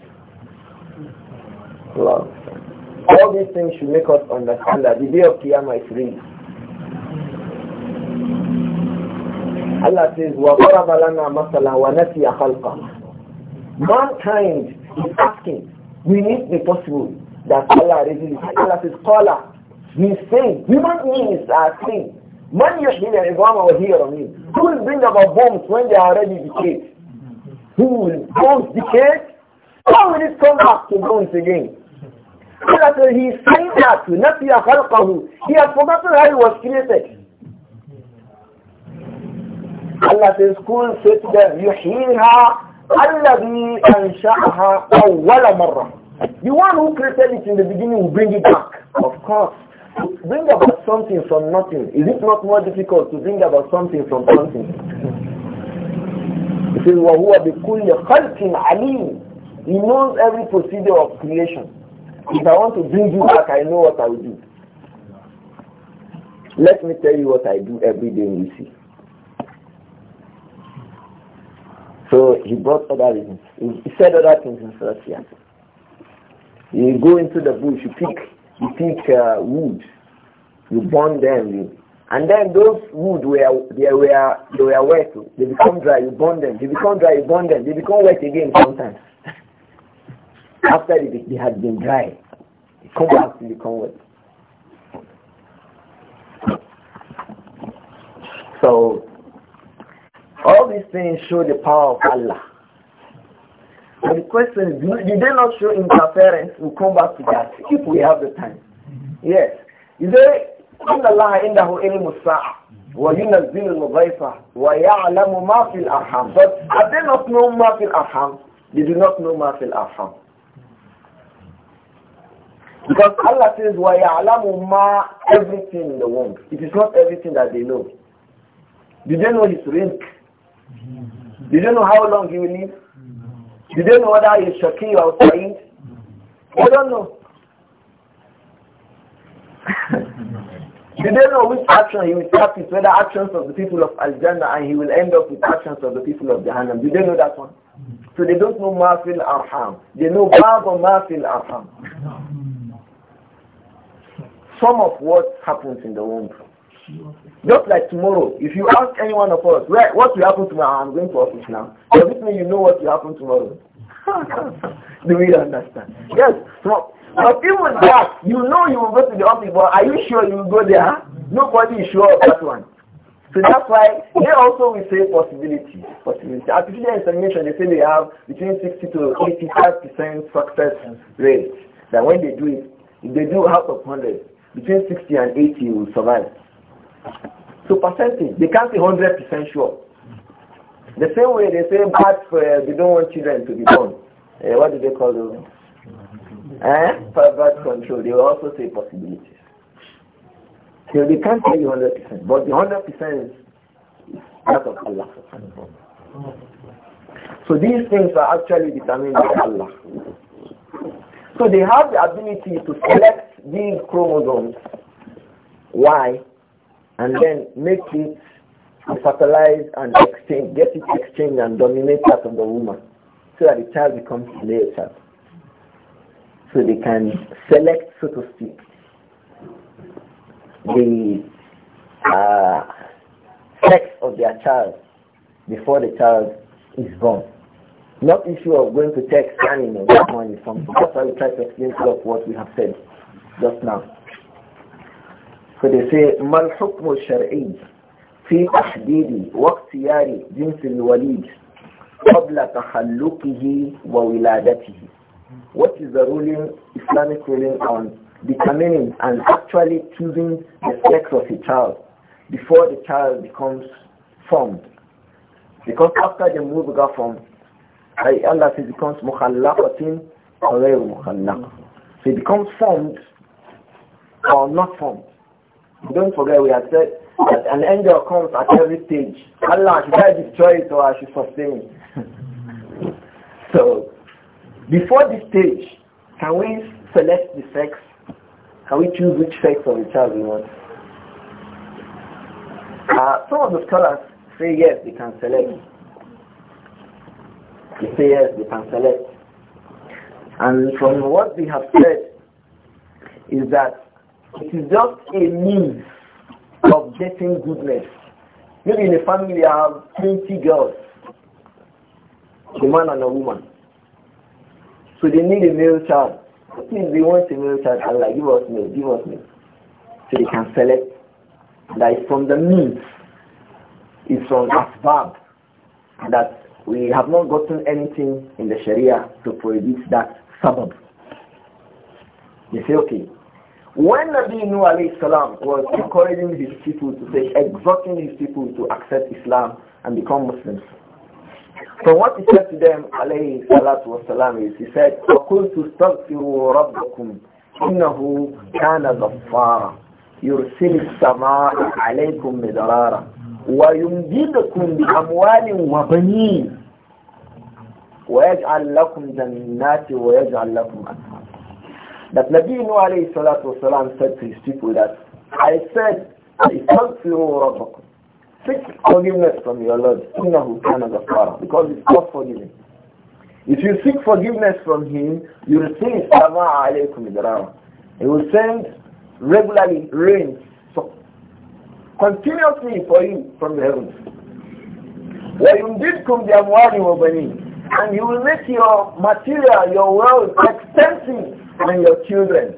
All these things should make us understand that the day of Qiyamah is real. Allah says, وَقَرَبَ لَنَا مَثَلًا وَنَسِيَ خَلْقًا Mankind is asking, we need the possible that Allah raises. Allah says, قَالَ He's saying, human beings are saying, Man yahil al-izama wa hiya rameen. Who will bring about bones when they are already decayed? Who will bones decay? How will it come back to bones again? Allah says, He is saying that, نَسِيَ خَلْقَهُ He has forgotten how he was created. Allah says, Kul say to them, Yuhiha Allahi ansha'aha awwala marra. The one who created it in the beginning will bring it back. Of course. To bring about something from nothing. Is it not more difficult to bring about something from something? It says, وَهُوَ بِكُلِّ خَلْقٍ عَلِيمٍ He knows every procedure of creation. If I want to bring you back, I know what I will do. Let me tell you what I do every day in UC. So he brought other reasons. He said other things in Surah Yasin. You go into the bush, you pick, you pick uh, wood, you burn them, you, and then those wood were they were they were wet, oh. they become dry, you burn them, they become dry, you burn them, they become wet again sometimes. After they, they had been dry, they come back to become wet. So all these things show the power of Allah. But the question is, did they not show interference? We'll come back to that if we have the time. Yes. Is there إن الله عنده علم الساعة وينزل الغيث ويعلم ما في الأرحام but I they not know ما في الأرحام they do not know ما في الأرحام because Allah says ويعلم ما everything in the womb it is not everything that they know did they know his rank you don't know how long he will live. You don't know whether he's Shakir or Saeed. You don't know. you don't know which action he will start with, whether actions of the people of Al-Jannah and he will end up with actions of the people of Jahannam. You don't know that one. So they don't know Mafil Arham. They know Bab or Mafil Arham. Some of what happens in the womb. Just like tomorrow, if you ask any one of us, what will happen tomorrow? I'm going to office now. Does it mean you know what will happen tomorrow? Do we understand? Yes. So, but even that, you know you will go to the office, but are you sure you will go there? Nobody is sure of that one. So that's why they also will say possibility. Possibility. Artificial insemination, they say they have between 60 to 85% success rate. That when they do it, if they do half of 100, between 60 and 80 will survive. So percentage, they can't be 100% sure. The same way they say bad eh, they don't want children to be born. Uh, what do they call them? Eh? For birth control, they will also say possibilities. So they can't tell you 100%, but the 100% is of Allah. So these things are actually determined by Allah. So they have the ability to select these chromosomes. Why? and then make it fertilize and exchange, get it exchanged and dominate that of the woman so that the child becomes male child. So they can select, so to speak, the uh, sex of their child before the child is born. Not issue of going to text animals that one is something. That's why we try to explain to lot of what we have said just now. So they say, What is the ruling, Islamic ruling on determining and actually choosing the sex of a child before the child becomes formed? Because after the mubga form, Allah says it becomes mukhallaqatin or mukhallaq. So it becomes formed or not formed. Don't forget we have said that an angel comes at every stage. Allah should I destroy it or I should sustain it. so before this stage, can we select the sex? Can we choose which sex of the child we want? Uh, some of the scholars say yes, they can select. They say yes, they can select. And from what we have said is that it is just a means of getting goodness. Maybe in a family you have 20 girls, a man and a woman. So they need a male child. Please, they want a male child. Allah, give us male, give us male. So they can select. That is from the means. It's from asbab. That we have not gotten anything in the Sharia to prohibit that suburb. They say, okay, when Nabi Nuh alayhi salam was encouraging his people to say, exhorting his people to accept Islam and become Muslims, from what he said to them alayhi salatu was salam is, he said, وَقُلْتُ اسْتَغْفِرُوا رَبَّكُمْ إِنَّهُ كَانَ غَفَّارًا يُرْسِلِ السَّمَاءَ عَلَيْكُمْ مِدَرَارًا وَيُمْدِدَكُمْ بِأَمْوَالٍ وَبَنِينَ وَيَجْعَلْ لَكُمْ جَنَّاتٍ وَيَجْعَلْ لَكُمْ أَنْهَارًا that Nabi Nuh alayhi salatu wasalam said to his people that, I said, Seek forgiveness from your Lord. Innahu kana ghaffara. Because it's not forgiving. If you seek forgiveness from him, you will see sama alaykum idrara. He will send regularly rain so, continuously for you from the heavens. And you will make your material, your world extensive and your children.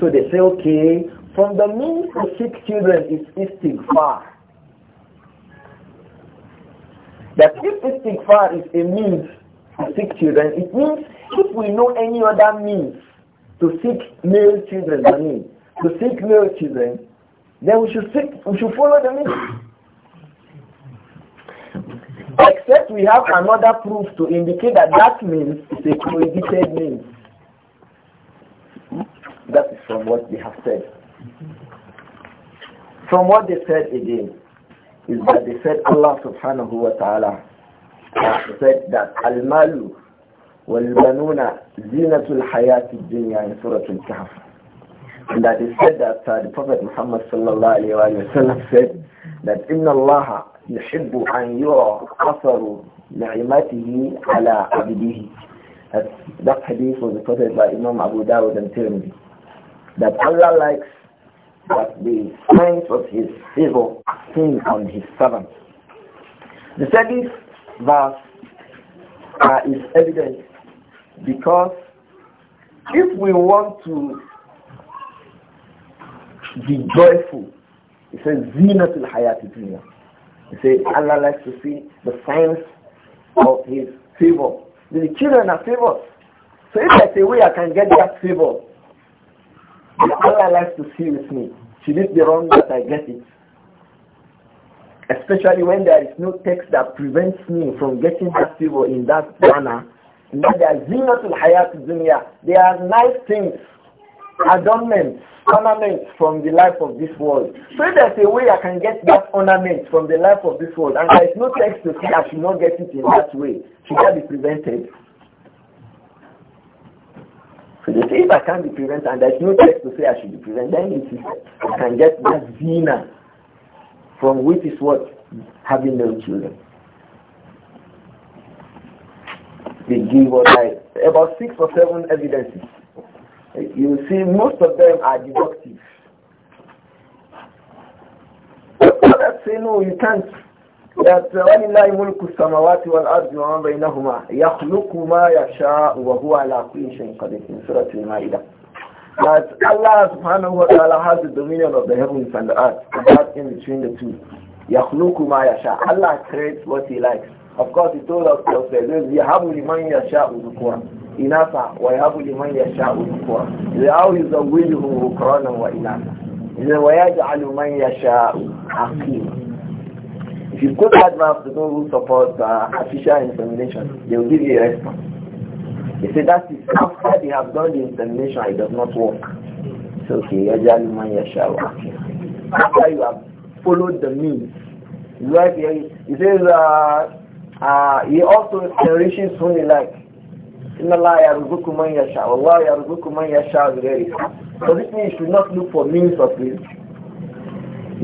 So they say, okay, from the means to seek children is istighfar. That if istighfar is a means to seek children, it means if we know any other means to seek male children, I mean, to seek male children, then we should seek, we should follow the means. Except we have another proof to indicate that that means is a prohibited means. That is from what they have said. From what they said again, is that they said Allah subhanahu wa ta'ala said that Al-Malu wal-Banuna zinatul hayati dunya in Surah Al-Kahf. And that they said that uh, the Prophet Muhammad sallallahu alayhi wa sallam said that Inna Allah yuhibbu an yura asaru ni'matihi ala abidihi. That, that hadith was reported by Imam Abu Dawud and Tirmidhi that Allah likes that the signs of his favor are seen on his servants. The second verse uh, is evident because if we want to be joyful, it says zinatul hayati dunya. It says Allah likes to see the signs of his favor. The children are favored. So if I say we I can get that favor, the Allah likes to see with me. Should it be wrong that I get it? Especially when there is no text that prevents me from getting that favor in that manner. Now there is zinatul hayat dunya. There are nice things, adornments, ornaments from the life of this world. So there's a way I can get that ornament from the life of this world and there is no text to say I should not get it in that way. Should that be prevented? So they say if I can't be prevented and there's no text to say I should be prevented, then it is I can get that zina from which is what having no children. They give what I about six or seven evidences. You see most of them are deductive. say no, you can't that وَلِلَّهِ مُلْكُ السَّمَوَاتِ وَالْأَرْضِ وَمَا بَيْنَهُمَا يَخْلُقُ مَا يَشَاءُ وَهُوَ عَلَى كُلِّ شَيْءٍ قَدِيرٌ in Surah al That Allah subhanahu wa ta'ala has the dominion of the heavens and the earth, and that in between the two. يَخْلُقُ مَا يَشَاءُ Allah creates what He likes. Of course, He told us yasha يَهَبُ لِمَنْ يَشَاءُ ذُكُورًا إِنَاثًا وَيَهَبُ لِمَنْ يَشَاءُ ذُكُورًا لَأَوْ يُزَوِّجُهُ ذُكْرَانًا وَإِنَاثًا وَيَجْعَلُ مَنْ yasha عَقِيمًا if you go to that man, to those who support uh, artificial insemination, they will give you a response. They say that is after they have done the insemination, it does not work. It's okay. After you have followed the means, right here, he says, uh, uh, he also enriches whom he likes. إن الله يرزق من يشاء والله يرزق من يشاء بغير So this means you should not look for means of this.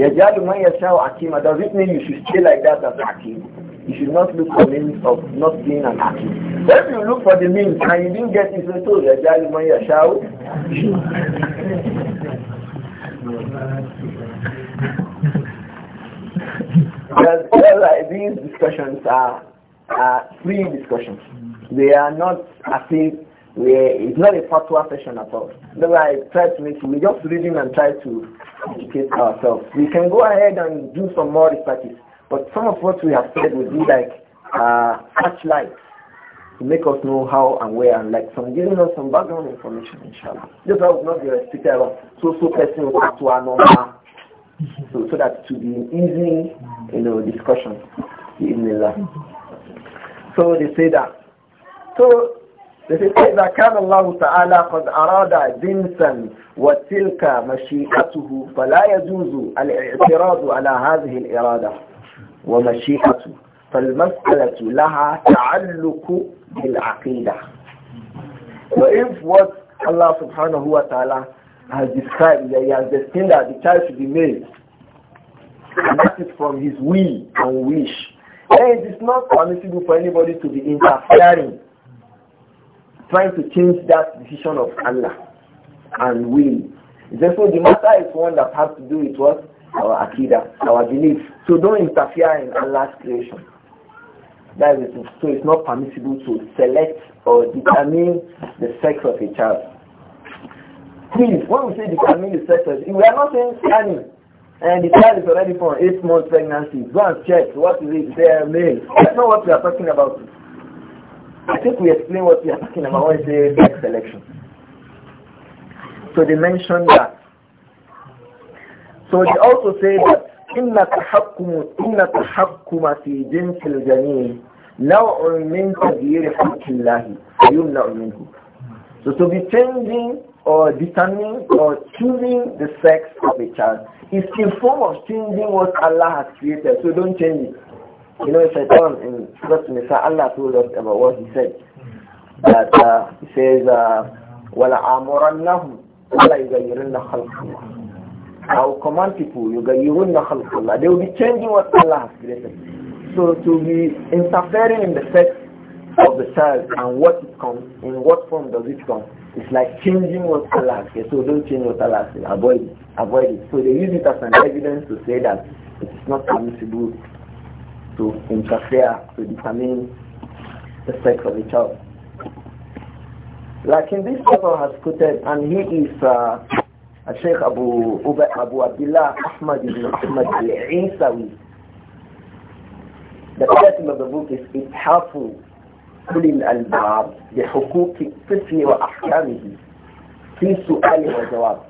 Yajalu man yashau doesn't mean you should stay like that as akim. You should not look for means of not being an akim. But if you look for the means and you didn't get it, so told Yajalu man yashau. Because all these discussions are, free discussions. They are not as if where it's not a fatwa session at all. Though I try to make we just reading and try to educate ourselves. We can go ahead and do some more researches, but some of what we have said would be like uh, to make us know how and where and like some giving us some background information, inshallah. This would not be restricted so so person fatwa normal. So, so that to be an easy, you know, discussion. So they say that. So إذا كان الله تعالى قد أراد جنسا وتلك مشيئته فلا يجوز الاعتراض على هذه الإرادة ومشيئته فالمسألة لها تعلق بالعقيدة So if what Allah وتعالى has described that he has destined that the child should be made, and that is from his will and wish, then it is not permissible for anybody to be interfering trying to change that decision of Allah and will. Therefore, the matter is one that has to do with what? Our akida, our belief. So don't interfere in Allah's creation. That is So it's not permissible to select or determine the sex of a child. Please, when we say determine the sex of we are not saying scanning. And the child is already from eight months pregnancy. Go and check what is it, they are male. That's not what we are talking about. I think we explain what we are talking about when we say sex selection. So they mentioned that. So they also say that Inna تحكم إن تحكم في جنس الجنين نوع من تغيير حق الله فيمنع منه. So to be changing or determining or choosing the sex of a child is a form of changing what Allah has created. So don't change it. You know, Satan in first Nisa, Allah told us about what he said. That uh, he says, وَلَعَامُرَنَّهُمْ uh, وَلَا Allah خَلْقَ اللَّهِ I will command people, يُغَيِّرُنَّ خَلْقَ They will be changing what Allah has created. So to be interfering in the sex of the child and what it comes, in what form does it come, it's like changing what Allah has created. So don't change what Allah has created. Avoid it. Avoid it. So they use it as an evidence to say that it's not permissible to interfere to determine the sex of the child. Like in this paper has quoted, and he is uh, Sheikh Abu Uba, Abu Abdullah Ahmad ibn Ahmad al-Isawi. The title of the book is Ithafu Kulil al-Bab the الطفل وأحكامه في سؤال وجواب.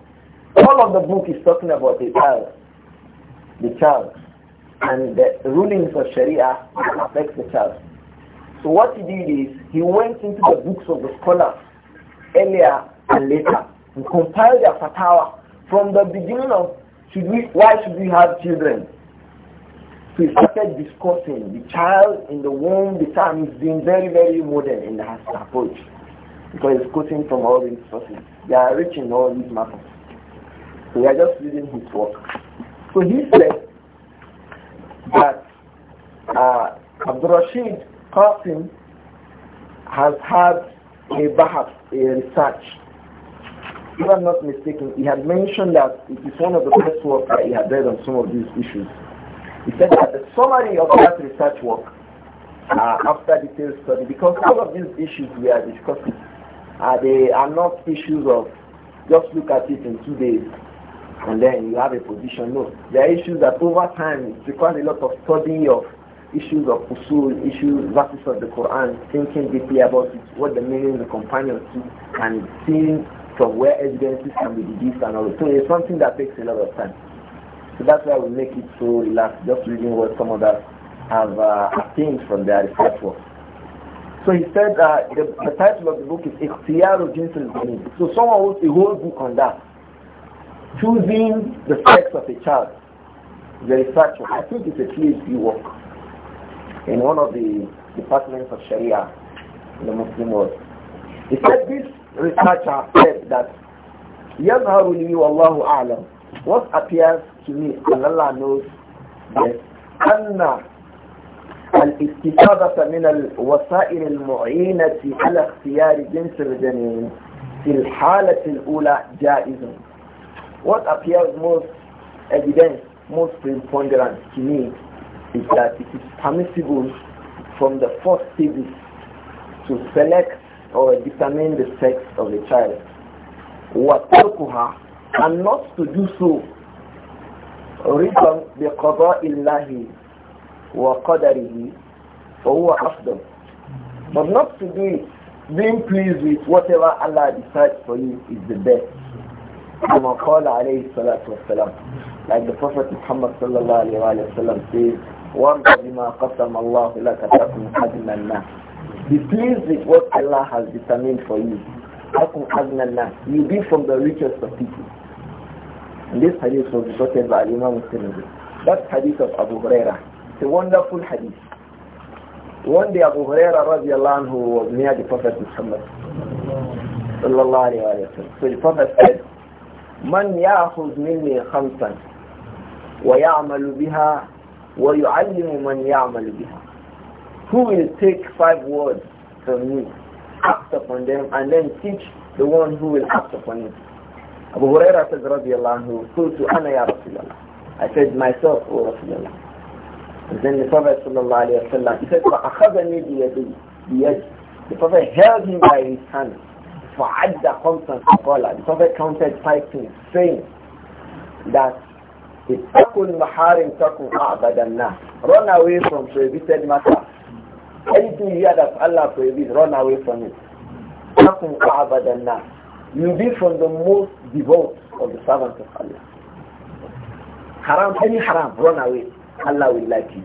All of the book is talking about the child, the child, and the rulings of Sharia affects the child. So what he did is he went into the books of the scholars earlier and later and compiled their fatwa from the beginning of should we why should we have children? So he started discussing the child in the womb, the time is being very, very modern in his approach. Because he's quoting from all these sources. They are reaching all these matters. So we are just reading his work. So he said that uh, Abdul Rashid Qasim has had a bahas, a research. If I'm not mistaken, he had mentioned that it is one of the best work that he had read on some of these issues. He said that the summary of that research work uh, after detailed study, because all of these issues we are discussing, uh, they are not issues of just look at it in two days and then you have a position. No, there are issues that over time it requires a lot of study of issues of usul, issues, verses of the Quran, thinking deeply about it, what the meaning the companions see, and seeing from where evidences can be deduced and all. So it's something that takes a lot of time. So that's why we make it so relaxed, just reading what some of us have uh, attained from their research work. So he said uh, the, the, title of the book is Ikhtiyar of Jinsul So someone wrote a whole book on that choosing the sex of a child very such I think it's a PhD work in one of the departments of Sharia in the Muslim world. He said this researcher said that يظهر لي والله أعلم what appears to me and Allah knows best أن الاستفادة من الوسائل المعينة على اختيار جنس الجنين في الحالة الأولى جائز what appears most evident, most preponderant to me is that it is permissible from the first stages to select or determine the sex of the child. وَتَرْكُهَا And not to do so رِضًا بِقَضَاءِ اللَّهِ وَقَدَرِهِ فَهُوَ أَفْضَلُ But not to be being pleased with whatever Allah decides for you is the best. كما قال عليه الصلاة والسلام like the Prophet Muhammad صلى الله عليه وسلم says وَرْضَ بِمَا قَسَمَ اللَّهُ لَكَ تكون حَزْمَ النَّاسِ Be pleased with what Allah has determined for you. تكون حَزْمَ النَّاسِ You be from the richest of people. And this hadith was reported by Imam Muslim. That hadith of Abu Huraira. It's a wonderful hadith. One day Abu Huraira الله عنه was near the Prophet Muhammad صلى الله عليه وسلم So the Prophet said, من يأخذ مني خمسا ويعمل بها ويعلم من يعمل بها Who will take five words from me, act upon them, and then teach the one who will act upon it? Abu Huraira says, رضي الله عنه, قلت أنا يا رسول الله. I said, myself, O رسول الله. And then the Prophet صلى الله عليه وسلم, he said, فأخذني بيدي, بيدي. The Prophet held him by his hand. For خَمْسًا فَقَالَ The Prophet counted five things, saying that اتَّقُوا الْمَحَارِمْ تَقُوا أَعْبَدَ na. Run away from prohibited matter. Anything you hear that Allah prohibits, run away from it. تَقُوا أَعْبَدَ النَّاسِ You'll be from the most devout of the servants of Allah. Haram, any haram, run away. Allah will like you.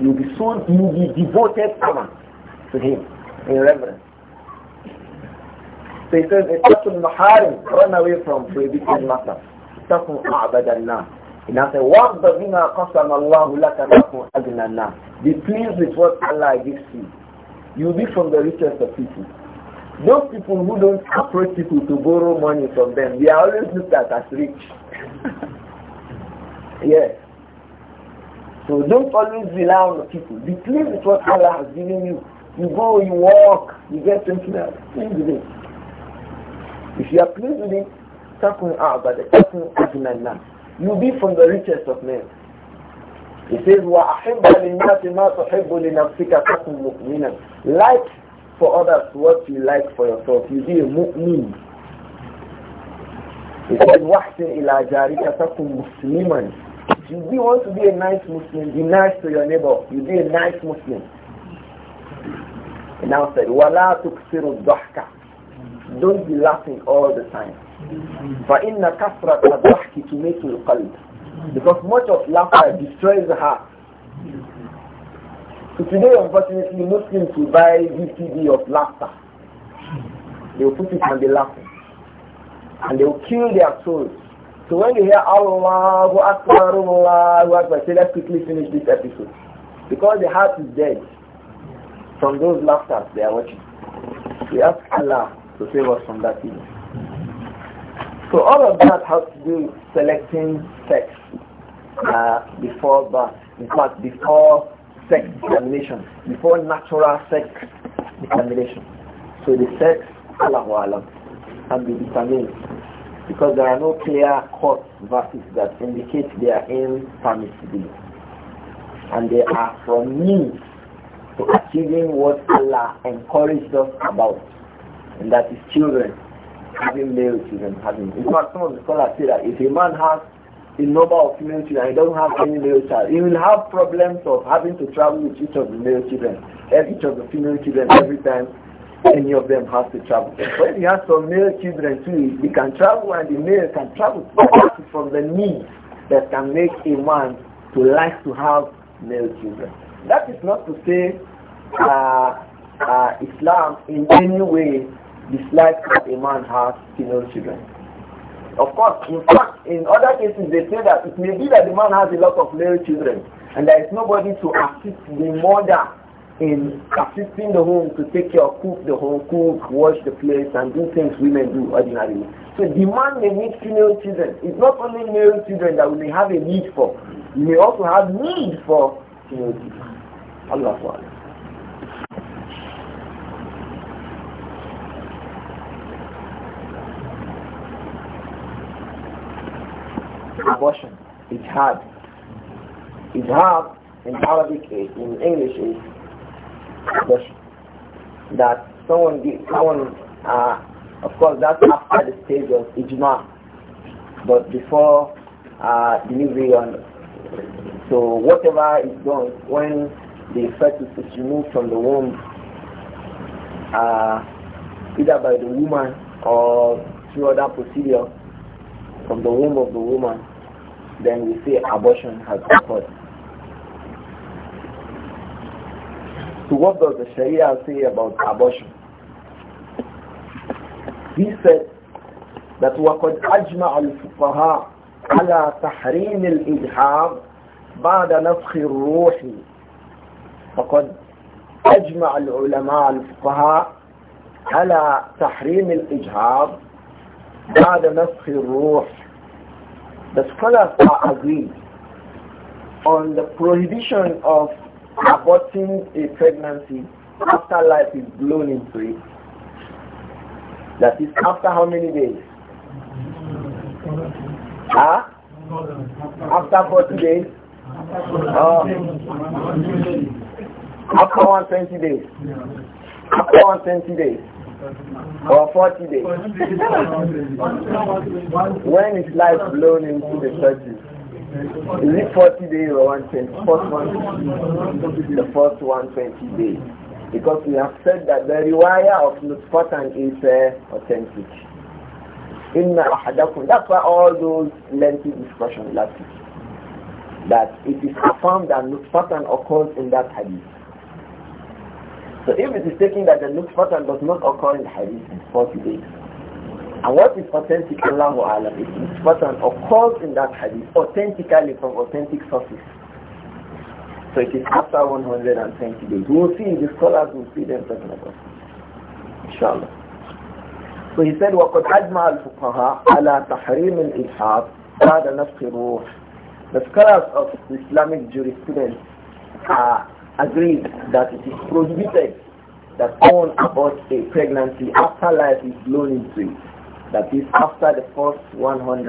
You'll be so, you'll be devoted servant to Him in reverence. So he says, Ittaqul Maharim, run away from prohibited matters. Ittaqul Allah. And I say, what the thing qasam Allahu laka takun adnana. Be pleased with what Allah gives you. You'll be from the richest of people. Those people who don't approach people to borrow money from them, they are always looked at as rich. yes. So don't always rely on people. Be pleased with what Allah has given you. You go, you walk, you get something else. it. If you are pleased with it, takun a'bada, takun ajnanna. You'll be from the richest of men. He says, وَأَحِبَّ لِلنَّاسِ مَا تُحِبُّ لِنَفْسِكَ تَكُنْ مُؤْمِنًا Like for others what you like for yourself. You be a mu'min. He says, وَحْسِنْ إِلَى جَارِكَ تَكُنْ مُسْلِمًا you be want to be a nice Muslim, be nice to your neighbor. You be a nice Muslim. And now said, وَلَا تُكْسِرُ الضَّحْكَ don't be laughing all the time. فَإِنَّ to الضَّحْكِ تُمِيتُ الْقَلْبِ Because much of laughter destroys the heart. So today, unfortunately, Muslims will buy VCD of laughter. They will put it and be laughing. And they will kill their souls. So when you hear Allahu Akbar, Allahu Akbar, say let's quickly finish this episode. Because the heart is dead from those laughters they are watching. We ask Allah to save us from that evil. So all of that has to do with selecting sex uh, before birth. In fact, before sex determination, before natural sex determination. So the sex, Allah Alam, can be determined because there are no clear court verses that indicate their impermissibility. And they are from means to achieving what Allah encouraged us about and that is children, having male children, having. In fact, some of the scholars say that if a man has a number of female children and he doesn't have any male child, he will have problems of having to travel with each of the male children, eh, each of the female children every time any of them has to travel. But if he has some male children too, he can travel and the male can travel. from the need that can make a man to like to have male children. That is not to say uh, uh, Islam in any way dislike that a man has female children. Of course, in fact, in other cases they say that it may be that the man has a lot of male children and there is nobody to assist the mother in assisting the home to take care of cook the home, cook, wash the place and do things women do ordinarily. So the man may need female children. It's not only male children that we may have a need for. We may also have need for female children. Allah abortion. It's hard. It's hard in Arabic, eh, in English is abortion. That someone, someone, uh, of course, that's after the stage of ijma, but before uh, delivery on. So whatever is done when the fetus is removed from the womb, uh, either by the woman or through other procedure from the womb of the woman, then we say abortion has occurred. So what does the Sharia say about abortion? He said that وَقَدْ أَجْمَعَ الْفُقَهَاءَ على تحريم الإجحاف بعد نفخ الروح فقد أجمع العلماء الفقهاء على تحريم الإجهاض بعد نفخ الروح The scholars are agreed on the prohibition of aborting a pregnancy after life is blown into it. That is after how many days? Huh? After 40 days? Uh, after 120 days? After 120 days? Or 40 days. when is life blown into the churches? Is it 40 days or 120? First one, the first 120 days. Because we have said that the rewire of Nusfatan is uh, authentic. Inna ahadakum. That's why all those lengthy discussions last week. That it is affirmed that Nusfatan occurs in that hadith. So if it is taken that the nutfatan does not occur in hadith in 40 days, and what is authentic, Allahu Alam, is nutfatan occurs in that hadith authentically from authentic sources. So it is after 120 days. We will see, the scholars will see them talking about Inshallah. So he said, وَقَدْ أَجْمَعَ الْفُقَهَاءَ عَلَى تَحْرِيمِ الْإِلْحَاقِ بَعْدَ نَفْخِ الرُّوحِ The scholars of Islamic jurisprudence are agreed that it is prohibited that one about a pregnancy after life is blown into it. That is after the first 120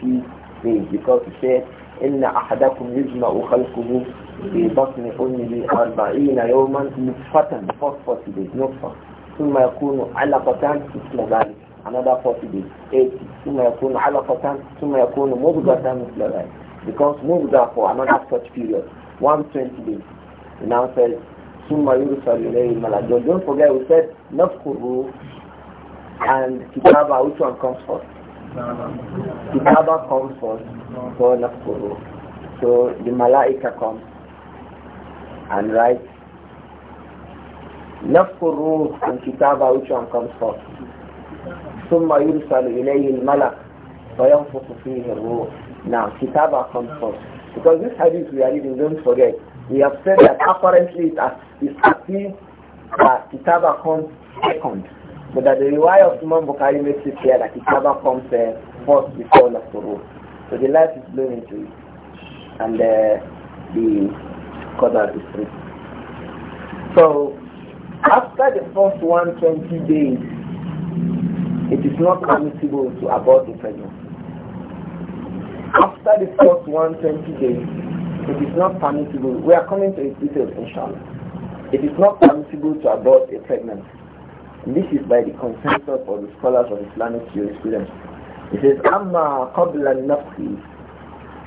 days because he said, إن أحدكم يجمع خلقه في بطن أمه أربعين يوما نطفة first 40 days نطفة ثم يكون علقة مثل ذلك another 40 days 80 ثم يكون علقة ثم يكون مضغة مثل ذلك because مضغة for another such period 120 days he now says, Summa Yurusal Malajun. Don't forget we said Nafkuru and Kitaba, which one comes first? Kitaba comes first for Nafkuru. So the Malaika comes and writes Nafkuru and Kitaba, which one comes first? ثم يرسل إليه الملك فينفخ فيه الروح. Now, Kitaba comes first. Because this hadith we are reading, don't forget, we have said that apparently it's as if uh, Kitaba comes second, but that the riwayah of Imam Bukhari makes it clear that Kitaba comes uh, first before Nasuru. So the light is blown into it, and uh, the Qadar is free. So after the first 120 days, it is not permissible to abort the pregnancy. After the first 120 days, it is not permissible. We are coming to details, inshallah. It is not permissible to abort a pregnancy. And this is by the consensus of the scholars of Islamic jurisprudence. It says, "Amma قَبْلَ nafsi,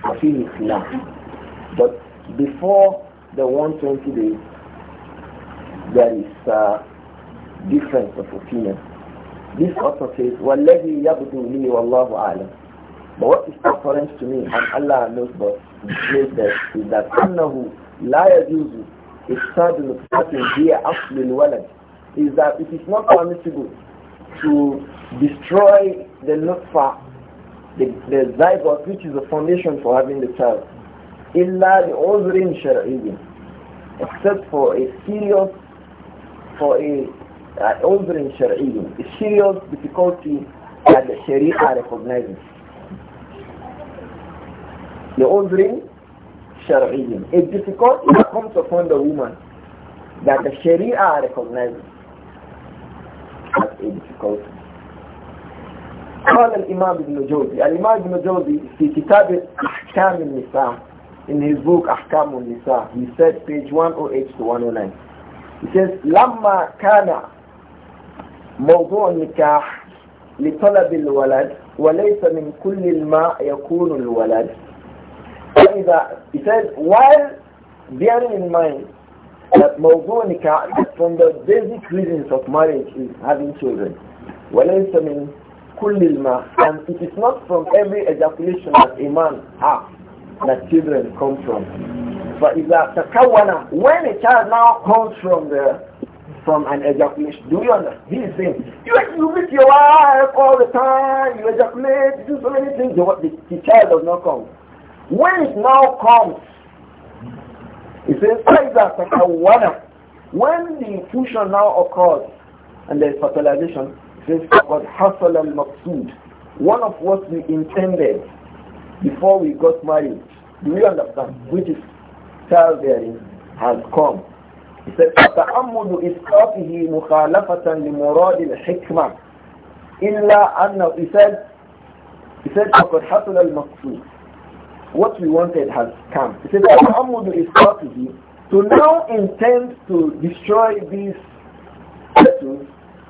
فَفِيهِ خِلَافٍ But before the 120 days, there is a difference of opinion. This author says, وَالَّذِي يَبْدُو لِي وَاللَّهُ أَعْلَمُ But what is apparent to me, and Allah knows best, place thats that is that أنه لا يجوز إفساد نطفة هي أصل الولد is that it is not permissible to destroy the nutfa, the, the zygote, which is the foundation for having the child. إلا لعذر شرعي except for a serious for a عذر uh, شرعي a serious difficulty that the Sharia recognizes. لعذر شرعي a difficulty that comes upon the woman that the Sharia recognizes as a difficulty قال الإمام ابن جوزي الإمام ابن جوزي في كتاب أحكام النساء in his book أحكام النساء he said page 108 to 109 he says لما كان موضوع النكاح لطلب الولد وليس من كل ما يكون الولد فإذا he said while bearing in mind that موضوع is from the basic reasons of marriage is having children وليس من كل الماء and it is not from every ejaculation that a man has that children come from فإذا تكون when a child now comes from the from an ejaculation. Do you understand? He is saying, you, you meet your wife all the time, you ejaculate, you do so many things. the, the child does not come. When it now comes, it says, when the fusion now occurs and there is fertilization, it says, God hasal al maqsood. One of what we intended before we got married, do you understand? Which is childbearing has come. He said, فَتَأَمُّدُ إِسْقَاطِهِ مُخَالَفَةً لِمُرَادِ الْحِكْمَةِ إِلَّا أَنَّهُ He said, he said, فَقَدْ حَصُلَ الْمَقْصُودِ what we wanted has come. He said, Muhammad is strategy to now intend to destroy these statues.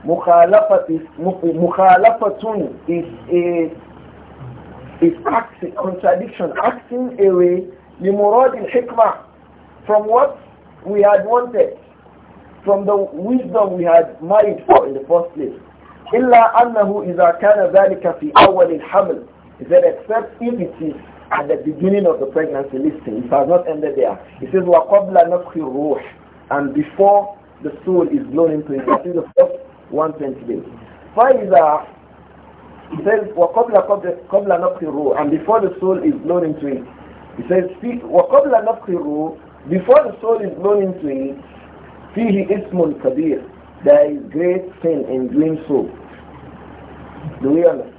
Mukhalafat is, mukhalafatun is a is acting, contradiction, acting away limurad al-hikmah from what we had wanted, from the wisdom we had married for in the first place. إلا أنه إذا كان ذلك في أول الحمل he said except if it is at the beginning of the pregnancy. Listen, it has not ended there. It says, وَقَبْلَ نَفْخِ الرُّوحِ And before the soul is blown into it, that is the first 120 days. فَإِذَا It says, وَقَبْلَ قَبْلَ نَفْخِ الرُّوحِ And before the soul is blown into it, it says, وَقَبْلَ نَفْخِ الرُّوحِ Before the soul is blown into it, fihi إِسْمٌ kabir. There is great sin in doing so. Do we understand?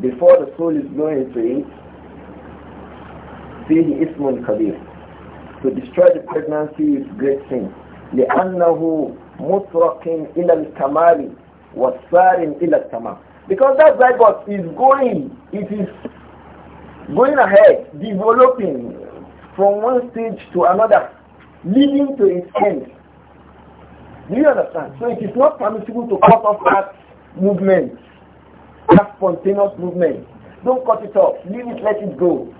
Before the soul is blown into it, فيه اسم to destroy the pregnancy is great sin لأنه مطرق إلى الكمال والسار إلى التمام because that zygote is going it is going ahead developing from one stage to another leading to its end do you understand so it is not permissible to cut off that movement that spontaneous movement don't cut it off leave it let it go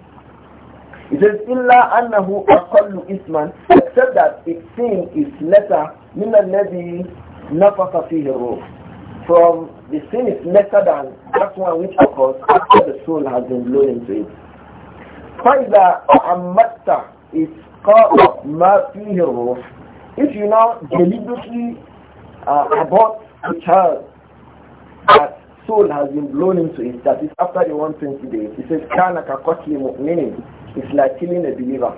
he says, illa annahu akallu isman, Except that its sin is lesser مِنَ الَّذِي نَفَخَ فِيهِ الرُّوحِ From the sin is lesser than that one which occurs after the soul has been blown into it. فَإِذَا أَعَمَّتَّ is قَاءَ مَا فِيهِ الرُّوحِ If you now deliberately uh, abort a child that soul has been blown into it, that is after the 120 days, it says, kana قَتْلِ meaning it's like killing a believer.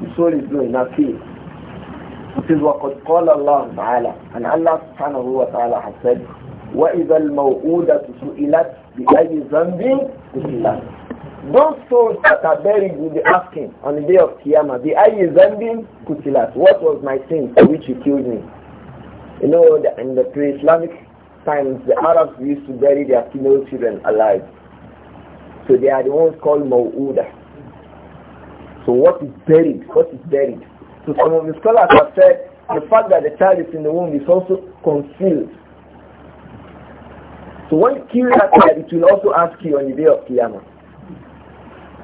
The soul is doing nothing. It what called Allah Taala, And Allah subhanahu wa ta'ala has said, وَإِذَا الْمَوْءُودَةُ سُئِلَتْ بِأَيِّ ذَنْبٍ قُتِلَتْ Those souls that are buried will be asking on the day of Qiyamah, بِأَيِّ ذَنْبٍ قُتِلَتْ What was my sin for which you killed me? You know, in the pre-Islamic times, the Arabs used to bury their female children alive. So they are the ones called Maw'udah. So what is buried? What is buried? So some of the scholars have said the fact that the child is in the womb is also concealed. So when you kill that child, it will also ask you on the day of Qiyamah.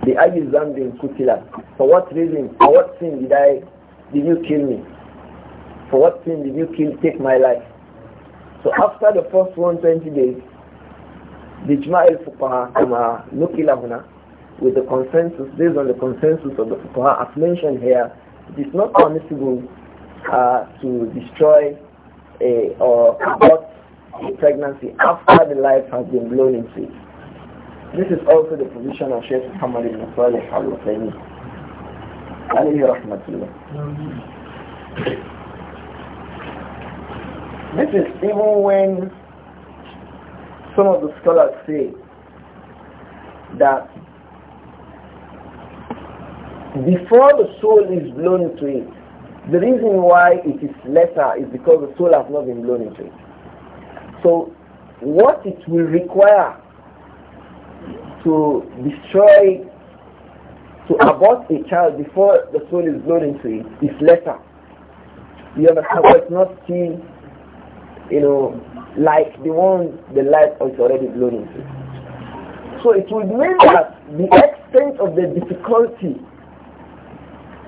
The eye is in kutila. For what reason? For what sin did I did you kill me? For what sin did you kill take my life? So after the first 120 days, the al-Fuqaha kama nukila with the consensus, based on the consensus of the Fuqaha as mentioned here, it is not permissible uh, to destroy a, uh, or abort a pregnancy after the life has been blown into it. This is also the position of Sheikh Muhammad ibn Salih al-Husayni. Alayhi rahmatullah. This is even when some of the scholars say that before the soul is blown into it. The reason why it is lesser is because the soul has not been blown into it. So what it will require to destroy, to abort a child before the soul is blown into it is lesser. You understand? But it's not seen, you know, like the one the life is already blown into. So it would mean that the extent of the difficulty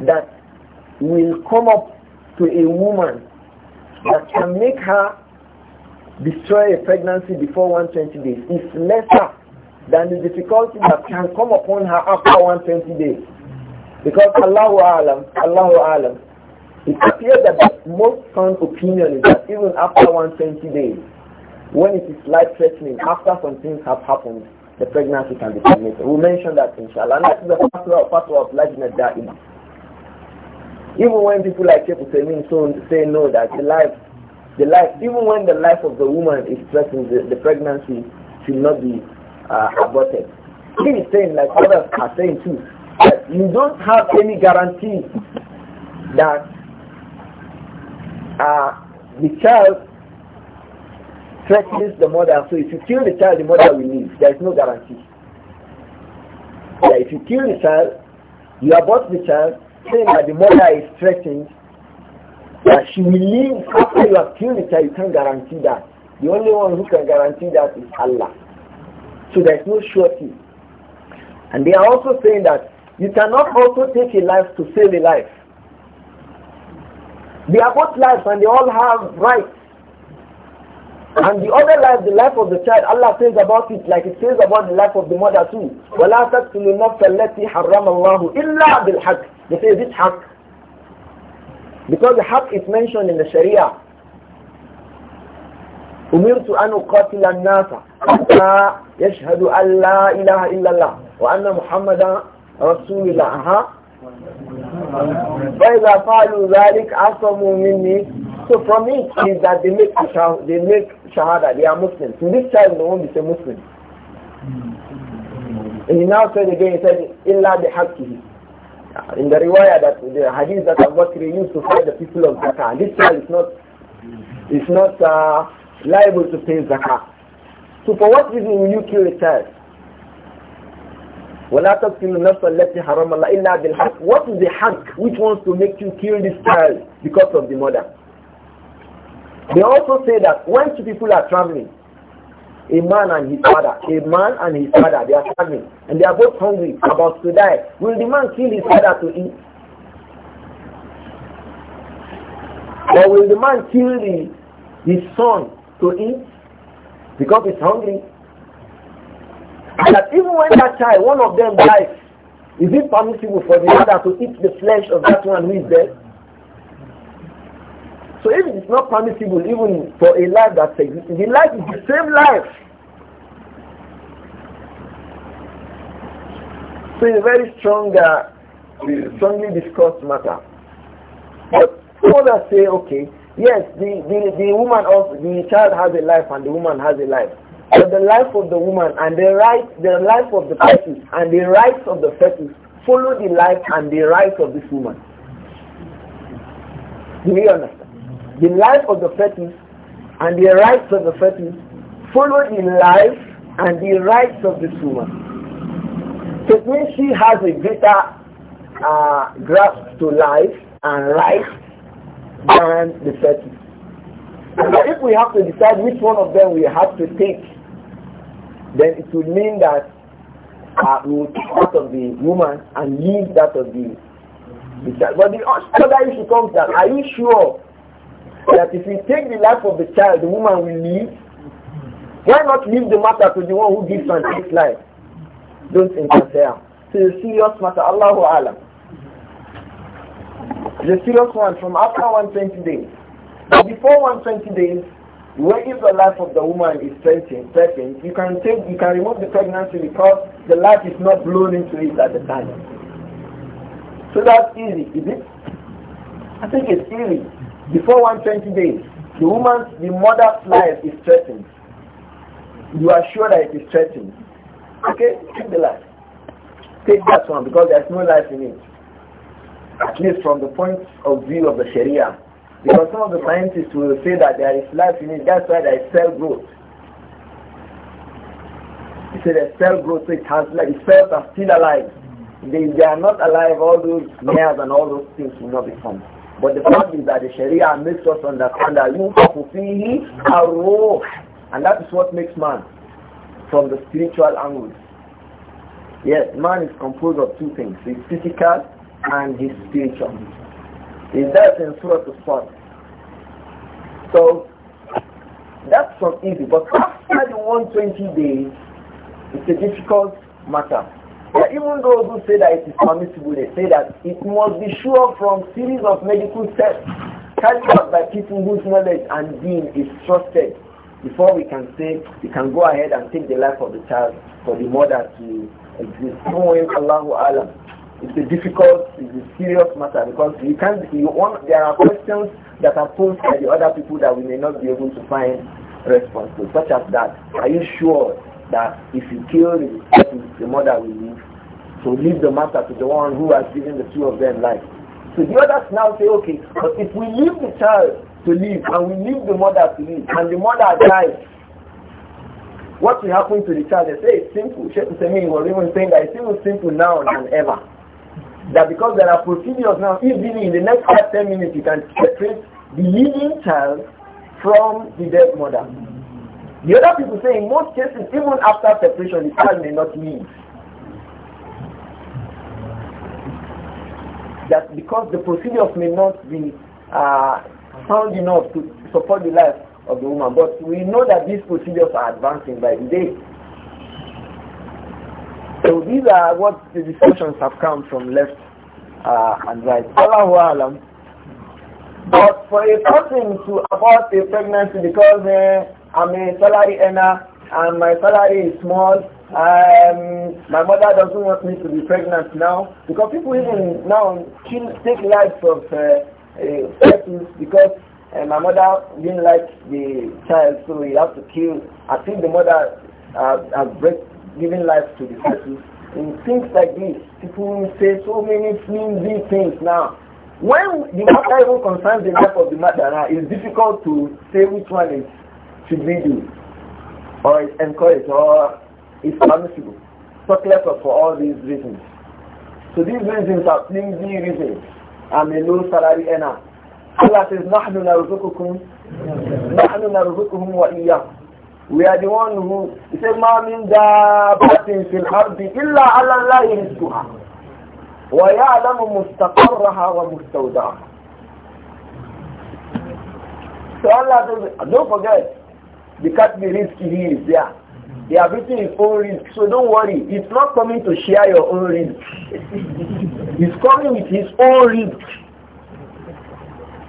that will come up to a woman that can make her destroy a pregnancy before 120 days is lesser than the difficulty that can come upon her after 120 days. Because Allahu Alam, Allahu Alam, it appears that the most sound opinion is that even after 120 days, when it is life-threatening, after some things have happened, the pregnancy can be terminated. we mentioned that inshallah. And that is the fatwa, fatwa of Lajna Da'imah. Even when people like Sheikh Semin so say no, that the life, the life, even when the life of the woman is threatened, the, the pregnancy should not be uh, aborted. He is saying, like others are saying too, that you don't have any guarantee that uh, the child threatens the mother. So if you kill the child, the mother will leave. There is no guarantee. Yeah, if you kill the child, you abort the child, saying that the mother is threatened, that she will leave after you have killed child, you can't guarantee that. The only one who can guarantee that is Allah. So there's no surety. And they are also saying that you cannot also take a life to save a life. They are both lives and they all have rights. And the other life, the life of the child, Allah says about it like it says about the life of the mother too. وَلَا تَقْتُلُوا النَّفْسَ الَّتِي حَرَّمَ اللَّهُ إِلَّا بِالْحَقِّ They say, is this haq? Because the haq is mentioned in the Sharia. أمرت أن أقاتل الناس حتى يشهد أن لا إله إلا الله وأن محمدا رسول الله ها فإذا فعلوا ذلك عصموا مني so from it is that they make they make shahada they are Muslims in this time they won't be a Muslim and he now said again he said إلا بحقه in the riwayah that the hadith that Abu Bakr used to fight the people of Zakah. This child is not is not uh, liable to pay Zakah. So for what reason will you kill a child? وَلَا تَقْتِلُ النَّفْسَ الَّتِي حَرَمَ اللَّهُ إِلَّا بِالْحَقِّ What is the hack which wants to make you kill this child because of the mother? They also say that when two people are traveling, a man and his father. A man and his father. They are starving. And they are both hungry, about to die. Will the man kill his father to eat? Or will the man kill the, his son to eat? Because he's hungry. And that even when that child, one of them dies, is it permissible for the other to eat the flesh of that one who is dead? So even it's not permissible even for a life that's existing, the life is the same life. So it's a very strong, uh, strongly discussed matter. But others say, okay, yes, the, the, the woman of the child has a life and the woman has a life. But the life of the woman and the right, the life of the fetus and the rights of the fetus follow the life and the rights of this woman. Do you understand? the life of the fetus and the rights of the fetus followed in life and the rights of this woman. So it means she has a greater uh, grasp to life and rights than the fetus. if we have to decide which one of them we have to take, then it would mean that uh, we would take that of the woman and leave that of the, the child. But the other issue comes that, are you sure that if we take the life of the child, the woman will leave. Why not leave the matter to the one who gives and takes life? Don't interfere. So the serious matter, Allahu Alam. The serious one from after 120 days. But before 120 days, where if the life of the woman is threatened, threatened, you can take, you can remove the pregnancy because the life is not blown into it at the time. So that's easy, is it? I think it's easy. Before 120 days, the woman's, the mother's life is threatened. You are sure that it is threatened. Okay, take the life. Take that one because there's no life in it. At least from the point of view of the Sharia. Because some of the scientists will say that there is life in it. That's why there is cell growth. He said that cell growth so it has The cells are still alive. If they, they are not alive, all those nerves and all those things will not be formed. But the fact is that the Sharia makes us understand that you fulfill your role. And that is what makes man from the spiritual angle. Yes, man is composed of two things, his physical and his spiritual. Is that in Surah al So, that's not easy. But after the 120 days, it's a difficult matter. But even those who say that it is permissible, they say that it must be sure from series of medical tests carried out by people whose knowledge and being is trusted before we can say we can go ahead and take the life of the child for the mother to exist. Knowing Allahu Alam. It's a difficult, it's a serious matter because you can't, you want, there are questions that are posed by the other people that we may not be able to find responses, to, such as that. Are you sure that if you kill the person, the mother will leave. So leave the matter to the one who has given the two of them life. So the others now say, okay, but if we leave the child to live and we leave the mother to live and the mother dies, what will happen to the child? They say it's simple. me Hussein was even saying that it's even simple now than ever. That because there are procedures now, easily in the next five, ten minutes, you can separate the living child from the dead mother. The other people say in most cases, even after separation, the child may not leave. That because the procedures may not be uh, sound enough to support the life of the woman. But we know that these procedures are advancing by the day. So these are what the discussions have come from left uh, and right. Allahu Alam. But for a person to abort a pregnancy because uh, I'm a salary earner and my salary is small. Um, my mother doesn't want me to be pregnant now because people even now kill, take lives of uh, uh, because uh, my mother didn't like the child, so we have to kill. I think the mother uh, has break, given life to the person. In things like this, people say so many flimsy things now. When the matter even concerns the life of the mother, now, it's difficult to say which one is should we do? Or encourage, encouraged or is permissible? So clever for all these reasons. So these reasons are flimsy reasons. I'm a low salary earner. Allah says, نَحْنُ نَرْزُقُكُمْ نَحْنُ نَرْزُقُهُمْ وَإِيَّاكُمْ We are the one who, he said, مَا مِنْ دَابَةٍ فِي الْأَرْضِ إِلَّا عَلَى اللَّهِ رِزْقُهَا وَيَعْلَمُ مُسْتَقَرَّهَا وَمُسْتَوْدَعَهَا So Allah says, don't forget, the Katbi risk he is there. they are written his own risk. So don't worry. He's not coming to share your own risk. He's coming with his own risk.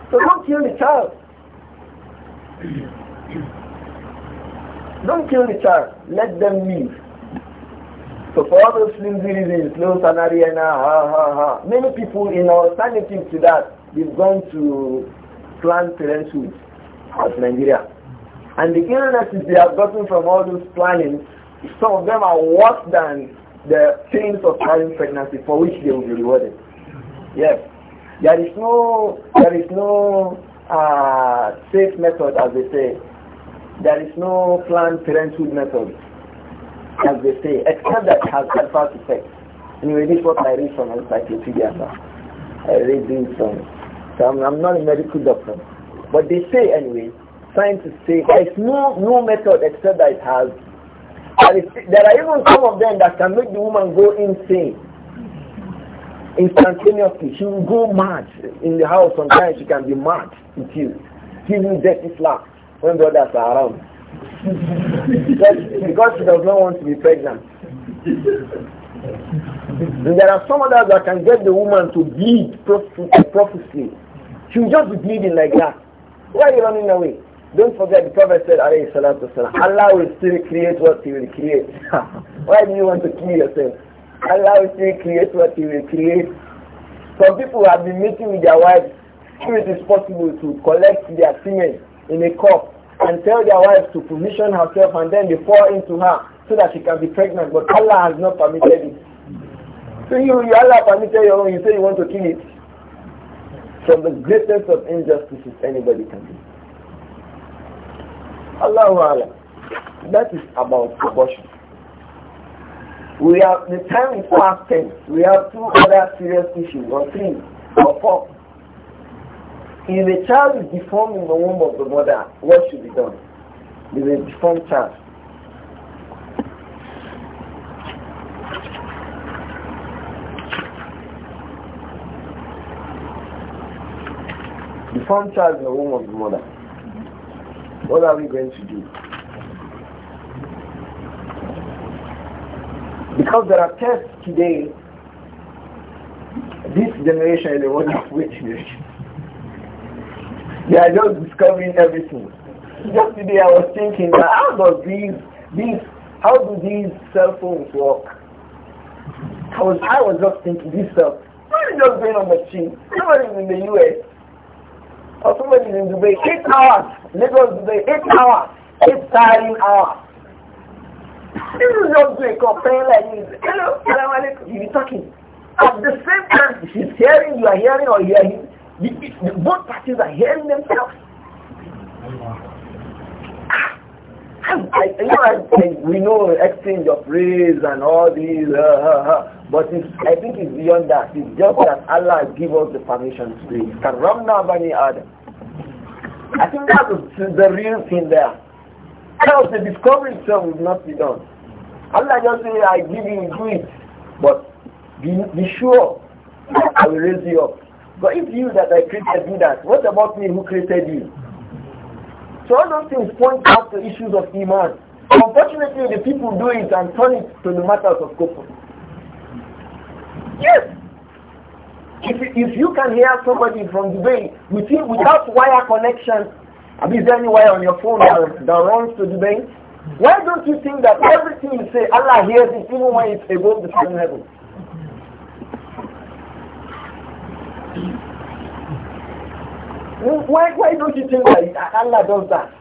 So don't kill the child. Don't kill the child. Let them live. So for all those flimsy reasons, no salary ah, ha ha ha. Many people in alternative to that, they've gone to planned parenthood of Nigeria. And the illnesses they have gotten from all those planning, some of them are worse than the pains of having pregnancy for which they will be rewarded. Yes. There is no, there is no uh, safe method as they say. There is no planned parenthood method as they say, except that has adverse effects. Anyway, this is what I read from encyclopedia I read this from, so I'm, I'm not a medical doctor. But they say anyway, scientists say there is no, no method except that it has. And there are even some of them that can make the woman go insane. Instantaneously, she will go mad in the house. Sometimes she can be mad with you. She will dirty slap when brothers are around. because, because she does not want to be pregnant. And there are some others that can get the woman to bleed profusely. She'll just be bleeding like that. Why are you running away? Don't forget the Prophet said, Allah will still create what He will create. Why do you want to kill yourself? Allah will still create what He will create. Some people have been meeting with their wives if it is possible to collect their semen in a cup and tell their wives to position herself and then they fall into her so that she can be pregnant. But Allah has not permitted it. So you, you Allah permitted your own, you say you want to kill it. From the greatest of injustices anybody can do. Allahu Alam. That is about abortion. We have the time is past We have two other serious issues, or three, or four. If a child is deformed in the womb of the mother, what should be done? With a deformed child. Deformed child in the womb of the mother. What are we going to do? Because there are tests today, this generation is the one of which generation. They are just discovering everything. Just today I was thinking, how does these, these, how do these cell phones work? I was, I was just thinking this stuff. What is just going on machine? Somebody in the US or somebody is in Dubai, eight hours. Lagos Dubai, eight hours. Eight tiring hours. This you just doing complain like this. Hello, salam You be talking. At the same time, he's hearing, you are hearing, or hearing. The, the, both parties are hearing themselves. I, ah! I, you know, I, I, we know exchange of rays and all these. Uh, uh, uh. But I think it's beyond that. It's just that Allah give us the permission to do it. Karamna bani Adam. I think that is the real thing there. Because the discovery itself will not be done. Allah just say, I give you, do it. But be, be sure I will raise you up. But if you that I created do that, what about me who created you? So all those things point out to issues of Iman. Unfortunately, the people do it and turn it to the matters of kufr. Yes. If, if you can hear somebody from the with you, without wire connection, I mean, is there any wire on your phone that, that runs to the Why don't you think that everything you say, Allah hears it even when it's above the seven heavens? Why, why don't you think that Allah does that?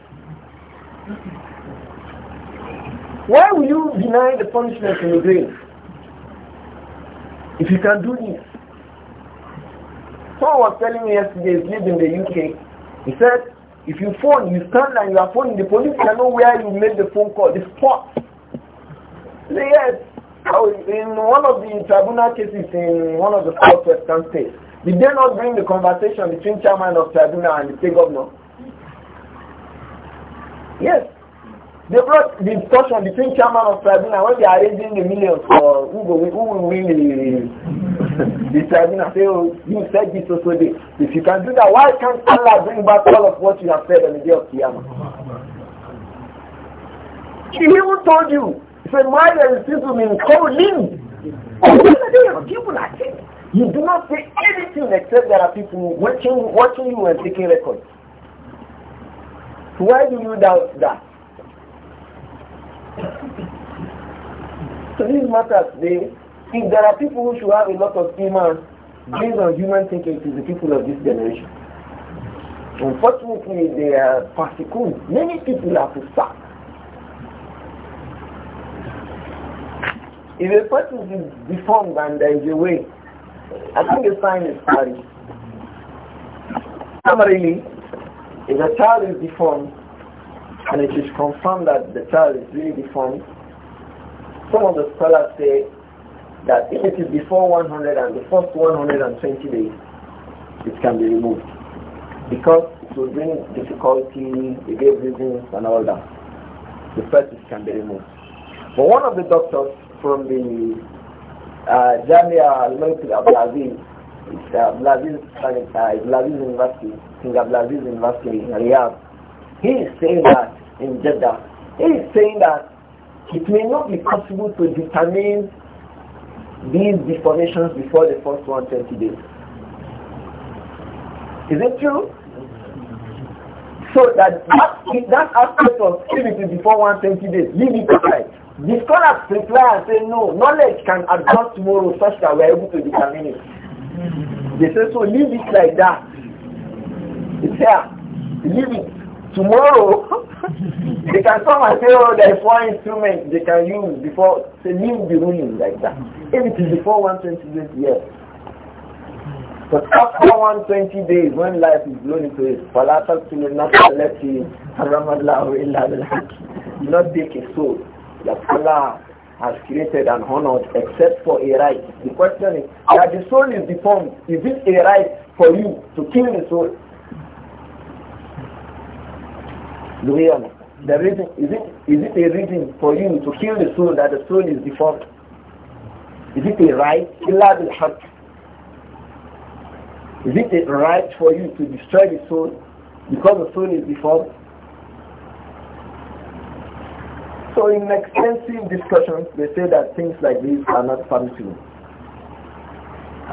Why will you deny the punishment in the grave? If you can do this. Someone was telling me yesterday, he's living in the UK. He said, if you phone, you stand and you are phoning, the police can know where you made the phone call, the spot. yes. In one of the tribunal cases in one of the southwestern states, did they not bring the conversation between chairman of tribunal and the state governor? Yes. They brought discussion between chairman of tribunal when they are raising the millions for who, go, who will win the, the tribunal. Say, oh, you said this also this. If you can do that, why can't Allah bring back all of what you have said on the day of Qiyamah? He even told you, he said, why there is people in calling? you do not say anything except there are people watching, watching you and taking records. Why do you doubt that? So these matters, they, if there are people who should have a lot of iman based on human thinking, it is the people of this generation. Unfortunately, they are persecuted. Many people to fusaq. If a person is deformed and there is a way, I think the sign is carried. Summarily, if a child is deformed, and it is confirmed that the child is really deformed, some of the scholars say that if it is before 100 and the first 120 days, it can be removed because it will bring difficulty, it gave reasons and all that. The fetus can be removed. But one of the doctors from the uh, Jamia medical uh, malik uh, Abdulaziz, University, Singa Abdulaziz University in Riyadh, he is saying that in Jeddah. He is saying that it may not be possible to determine these deformations before the first 120 days. Is it true? So that that, that aspect of activity before 120 days, leave it aside. The scholars reply and say, no, knowledge can advance tomorrow such that we're able to determine it. They say, so leave it like that. It's here. Leave it tomorrow they can come and say, oh, there's one instrument they can use before, say, leave the like that. If it is before days, years. But after 120 days, when life is blown into it, فَلَا تَقْتُلُ النَّفْسَ الَّتِي حَرَّمَ not take a soul that Allah has created and honored except for a right. The question is, that the soul is deformed, is it a right for you to kill the soul? Do The reason, is it, is it a reason for you to kill the soul that the soul is deformed? Is it a right? will بِالْحَقِّ Is it a right for you to destroy the soul because the soul is deformed? So in extensive discussions, they say that things like these are not permissible.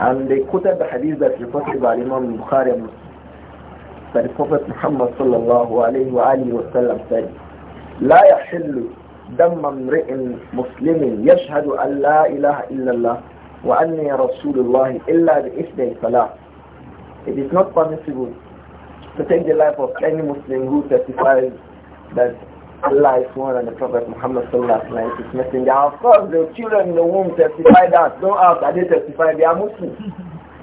And they quoted the hadith that reported by Imam Bukhari Muslim that the Prophet Muhammad sallallahu alayhi wa alihi wa sallam said, لا يحل دم امرئ مسلم يشهد أن لا إله إلا الله وأني رسول الله إلا بإثني فلا It is not permissible to take the life of any Muslim who testifies that Allah is one and the Prophet Muhammad sallallahu alaihi wasallam is messenger. Of course, the children in the womb testify that. Don't ask, are they testify? They are Muslims.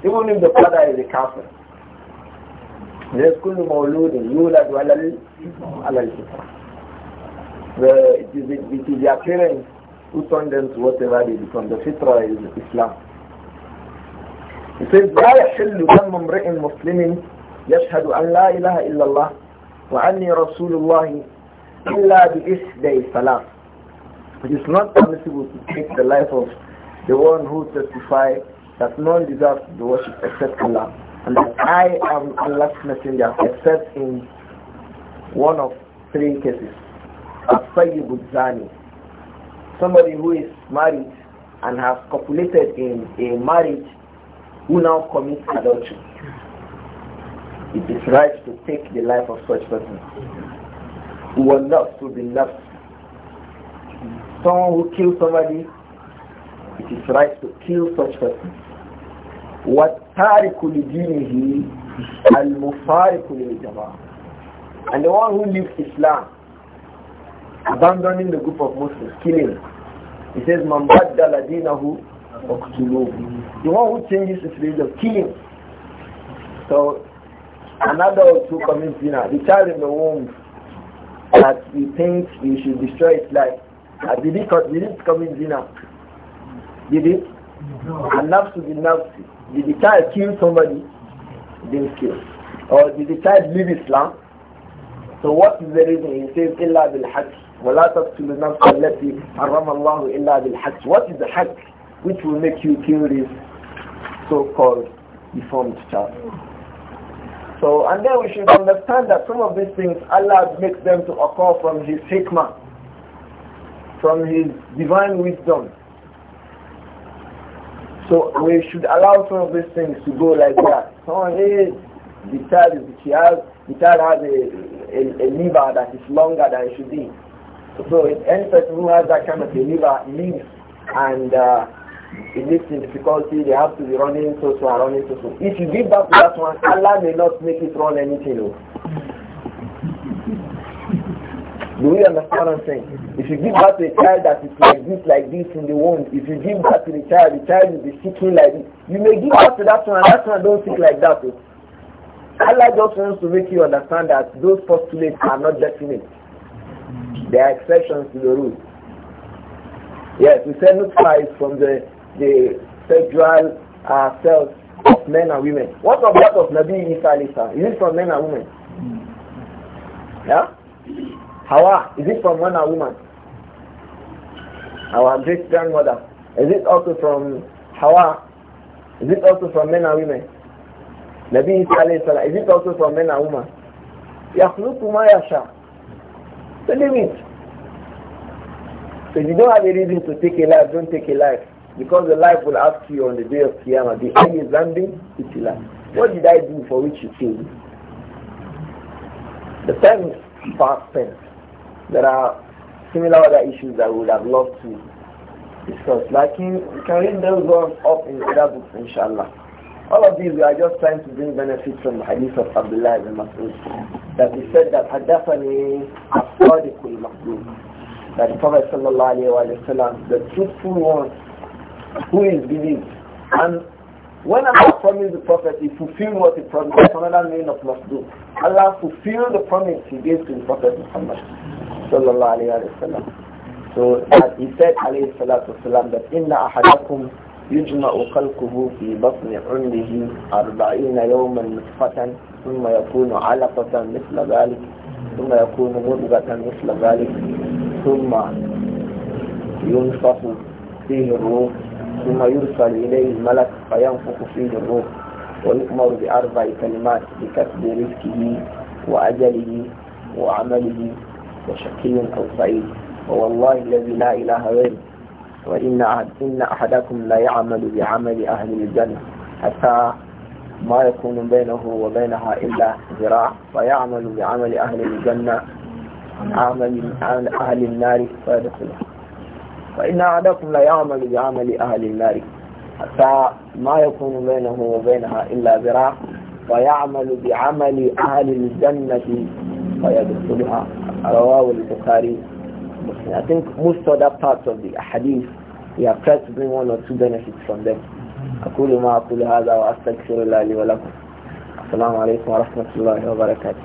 Even if the father is a Catholic. ليس كل مولود يولد على على الفطرة it is, it is the appearance, who turn them to whatever they become the fitra is Islam he says لا يحل دم امرئ مسلم يشهد أن لا إله إلا الله وأني رسول الله إلا بإحدى ثلاث It is not permissible to take the life of the one who testifies that none deserves the worship except Allah. and that I am Allah's messenger except in one of three cases. As-Sayyib Zani, somebody who is married and has copulated in a marriage who now commits adultery. It is right to take the life of such person. Who will not to be loved. Someone who kills somebody, it is right to kill such person. وَالتَّارِكُ لِدِينِهِ الْمُفَارِكُ لِلْجَمَاعَ And the one who leaves Islam, abandoning the group of Muslims, killing. He says, مَنْ بَدَّلَ دِينَهُ وَقْتُلُوهُ The one who changes his religion, killing. So, another adult two commits zina, the child in the womb that he thinks he should destroy his life, uh, did, he, did it commit zina? Did it? And nafsu bin nafsi. Did the child kill somebody? Didn't kill. Or did the child leave Islam? So what is the reason? He says, إِلَّا بِالْحَقِّ وَلَا تَقْتُلُ نَفْسَ الَّتِي حَرَّمَ اللَّهُ إِلَّا بِالْحَقِّ What is the haqq which will make you kill this so-called deformed child? So, and then we should understand that some of these things, Allah makes them to occur from His hikmah, from His divine wisdom. So we should allow some of these things to go like that. Someone, is, the child, is, has, the child has a, a, a liver that is longer than it should be. So if any person who has that kind of a liver lives and uh, it lives in difficulty, they have to be running so so and running so so. If you give back to that one, Allah may not make it run anything. Oh. Do we understand what I'm saying? If you give birth to a child that is like this, like this in the womb, if you give birth to the child, the child will be sitting like this. You may give birth to that one and that one don't sit like that. Oh. Allah just wants to make you understand that those postulates are not definite. They are exceptions to the rule. Yes, we say nutfa is from the, the sexual uh, cells of men and women. What of that of Nabi Isa Is it from men and women? Hmm. Yeah? Hawa, is it from man and woman? our great grandmother, is it also from Hawa? Is it also from men and women? Nabi Isa is it also from men and women? يَخْلُقُ مَا يَشَاءُ So leave it. So if you don't have a reason to take a life, don't take a life. Because the life will ask you on the day of Qiyamah, the eye is landing, it's a life. What did I do for which you came? The time is fast spent. There are similar other issues that we would have loved to discuss. Like in, can read those ones up in other books, inshallah. All of these, we are just trying to bring benefit from the hadith of Abdullah ibn Mas'ud. That he said that Haddathani Asadiqul Maqdum. That the Prophet sallallahu alayhi wa sallam, the truthful one who is believed. And when Allah promised the Prophet, he fulfilled what he promised. That's another name of Mas'ud. Allah fulfilled the promise he gave to the Prophet Muhammad. صلى الله عليه sallam. So as he said عليه الصلاة والسلام that إن أحدكم يجمع خلقه في بطن عمره أربعين يوما نطفة ثم يكون علقة مثل ذلك ثم يكون مضغة مثل ذلك ثم ينفخ فيه الروح ثم يرسل إليه الملك فينفخ فيه الروح ويؤمر بأربع كلمات بكسب رزقه وأجله وعمله وشقي أو سعيد ووالله الذي لا إله غيره وإن إن أحدكم لا يعمل بعمل أهل الجنة حتى ما يكون بينه وبينها إلا ذراع فيعمل بعمل أهل الجنة عمل أهل النار فيدخلها وإن أحدكم لا يعمل بعمل أهل النار حتى ما يكون بينه وبينها إلا ذراع فيعمل بعمل أهل الجنة فيد الصبح رواه البخاري Muslim. I think most other parts of the hadith we have tried to bring one or two benefits from them. أقول ما أقول هذا وأستغفر الله لي ولكم السلام عليكم ورحمة الله وبركاته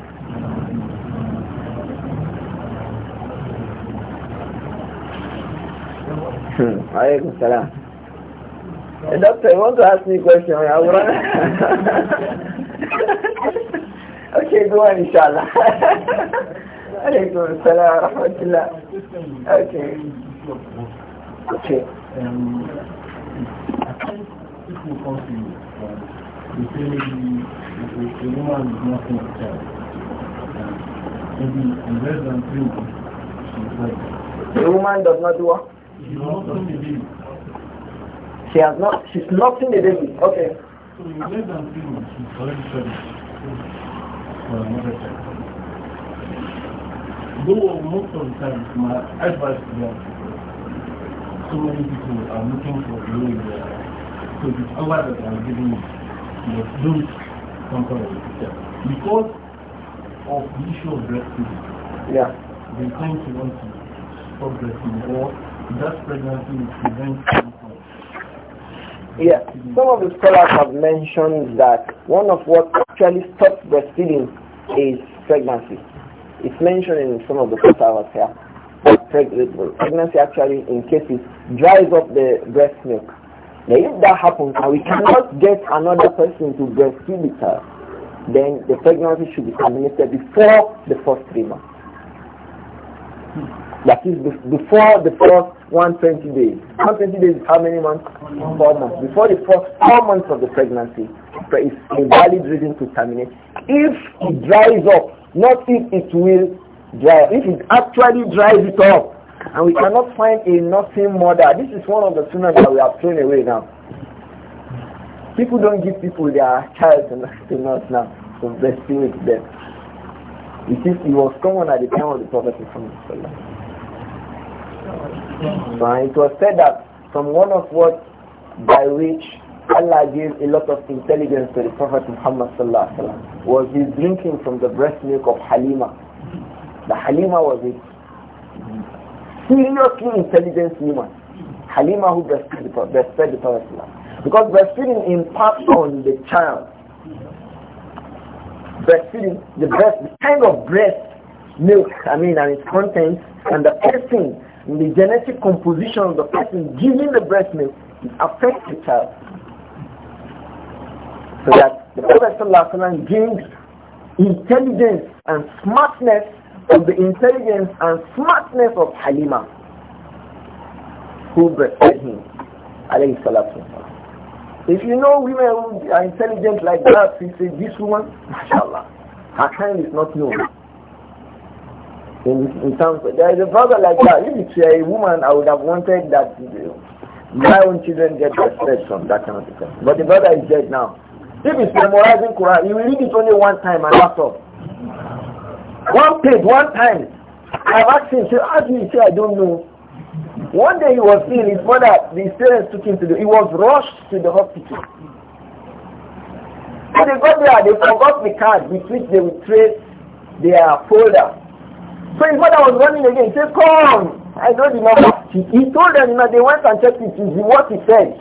عليكم السلام Doctor, you want to ask me a question? I will run. okay, go on, inshallah. Alaykum assalam Okay. Okay. the woman is not a Maybe in less than three she's The woman does not do what? She has not, she's not in the baby. Okay. So less than three months, she's already for most of the time, my advice to them, so many people are looking for doing their, so the power that I'm giving you, you don't conquer yourself. Because of the issue of breastfeeding, yeah. they tend to want to stop breastfeeding or that pregnancy will prevent Yeah. Some of the scholars have mentioned that one of what actually stops breastfeeding is pregnancy. It's mentioned in some of the scholars here. Pregnancy actually, in cases, dries up the breast milk. Now, if that happens and we cannot get another person to breastfeed with her, then the pregnancy should be terminated before the first three months. That is before the first 120 days. 120 days is how many months? Four months. Before the first four months of the pregnancy, it's a valid reason to terminate. If it dries up, not if it will dry, if it actually dries it up, and we cannot find a nursing mother, this is one of the sooner that we have thrown away now. People don't give people their child to nurse now, so they with them. It is, it was common at the time of the Prophet it was said that from one of what by which Allah gave a lot of intelligence to the Prophet Muhammad was his drinking from the breast milk of Halima. The Halima was a seriously intelligent woman. Halima who breastfed the Prophet Because breastfeeding impacts on the child. Breastfeeding, the breast, the kind of breast milk, I mean, and its contents, and the testing the genetic composition of the person giving the breast milk affects the child. So that the Prophet ﷺ gains intelligence and smartness of the intelligence and smartness of Halima who breastfed him. If you know women who are intelligent like that, you say, this woman, mashallah, her kind is not known. In, in terms of, there is a brother like that. If it's a woman, I would have wanted that my own children get respect from that kind of thing. But the brother is dead now. If it's memorizing Quran, you will read it only one time and that's all. One page, one time. I've asked him, so how you say I don't know? One day he was ill, his mother, the parents took him to the, he was rushed to the hospital. So they got there, they forgot the card with which they would trace their folder so his mother was running again. He said, come. I know the number. He, he told them, you know, they went and checked it. Is what he said?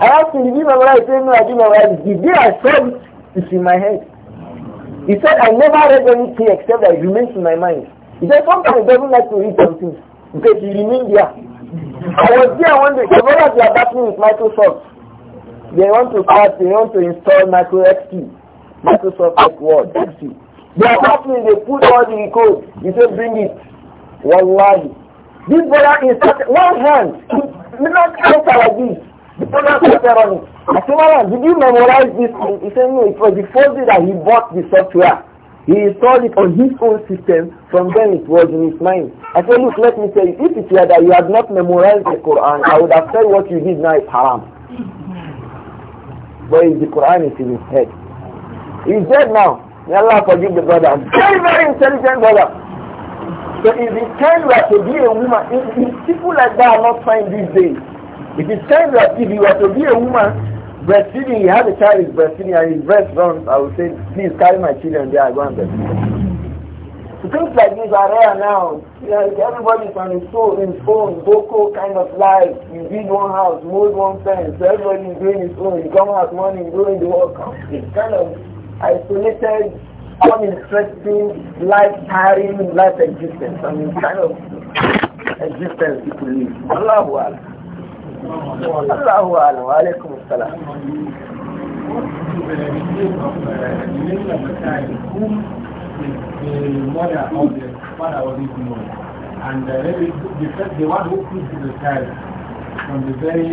I asked him, did you memorize? He said, no, I didn't memorize. The day I saw it, it's in my head. He said, I never read anything except that it remains in my mind. He said, sometimes he doesn't like to read something because he remains there. I was there one day. The brothers were battling with Microsoft. They want to start, they want to install Micro XT, Microsoft Word XT. They are happening, they put all the code. You say, bring it. Wallahi. This brother is one hand. He not answer like this. The brother started on it. I said, Maran, did you memorize this? He said, no, it was the first day that he bought the software. He installed it on his own system. From then it was in his mind. I said, look, let me tell you, if it were that you had not memorized the Quran, I would have said what you did now is haram. But the Quran is in his head. He's dead now. May Allah forgive the brother. Very, very intelligent brother. So if it's time you are to be a woman, if, if people like that are not fine these days, if it's time you are if you are to be a woman, breastfeeding, You have a child is breastfeeding and his breast runs, I would say, please carry my children there, I go and breastfeed. Things like this are rare now. You know, everybody's on his own, his own boko kind of life. You build one house, move one fence, everybody's doing his own. You come out morning, doing the work. It's kind of isolated, uninteresting, life-tiring life existence. I mean, kind of existence people live. Allahu Akbar. Allahu Akbar. Wa alaikum assalam. The mother or the the and uh, the, the one who feeds the child from the very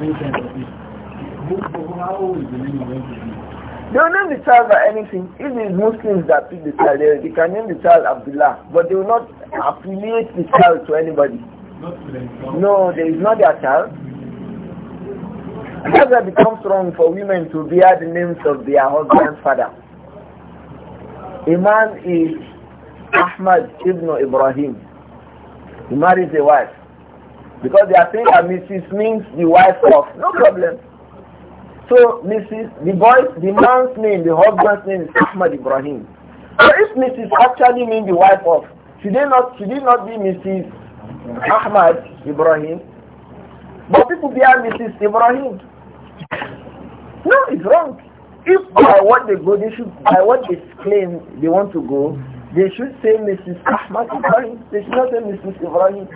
ancient of it, who, how is the name going to they will name the child by anything. If it is Muslims that pick the child, they, they can name the child Abdullah, but they will not affiliate the child to anybody. No, there is not their child. Because it becomes wrong for women to bear the names of their husband's father. A man is Ahmad ibn Ibrahim. He marries a wife. Because they are saying that Mrs. means the wife of. No problem. So Mrs. the boy's the man's name, the husband's name is Ahmad Ibrahim. So if Mrs. actually means the wife of, should they not should it not be Mrs. Ahmad Ibrahim? But people behind Mrs. Ibrahim. No, it's wrong. If by what they go, they should by what they claim they want to go, they should say Mrs. Ahmad Ibrahim. They should not say Mrs. Ibrahim.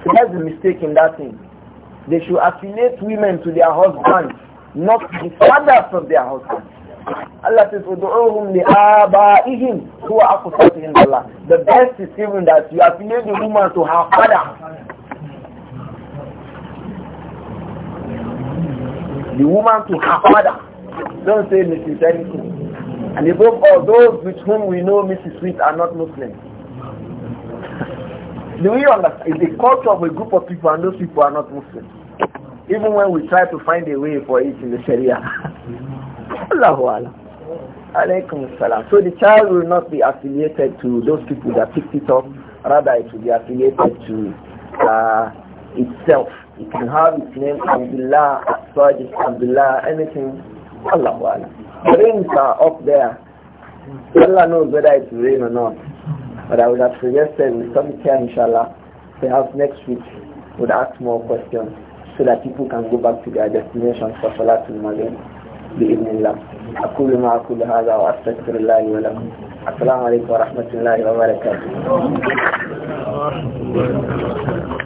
So that's a mistake in that thing. They should affiliate women to their husbands, not the fathers of their husbands. Allah says, "Udu'uhum li'abaihim huwa aqsatu indallah." The best is even that you affiliate the woman to her father. The woman to her father. Don't say Mrs. anything. And above all, those with whom we know Mrs. Sweet are not Muslims. Do you understand? It's the culture of a group of people and those people are not Muslims. Even when we try to find a way for it in the Sharia. Allahu So the child will not be affiliated to those people that picked it up. Rather, it will be affiliated to uh, itself. It can have its name Abdullah, Sajid, Abdullah, anything. Allahu Allah. The rains are up there. Allah knows whether it's rain or not. But I would have suggested we stop it here, inshallah. Perhaps next week we'll ask more questions so that people can go back to their destination for Salatul Maghrib. بإذن الله أقول ما أقول هذا وأستغفر الله لي ولكم السلام عليكم ورحمة الله وبركاته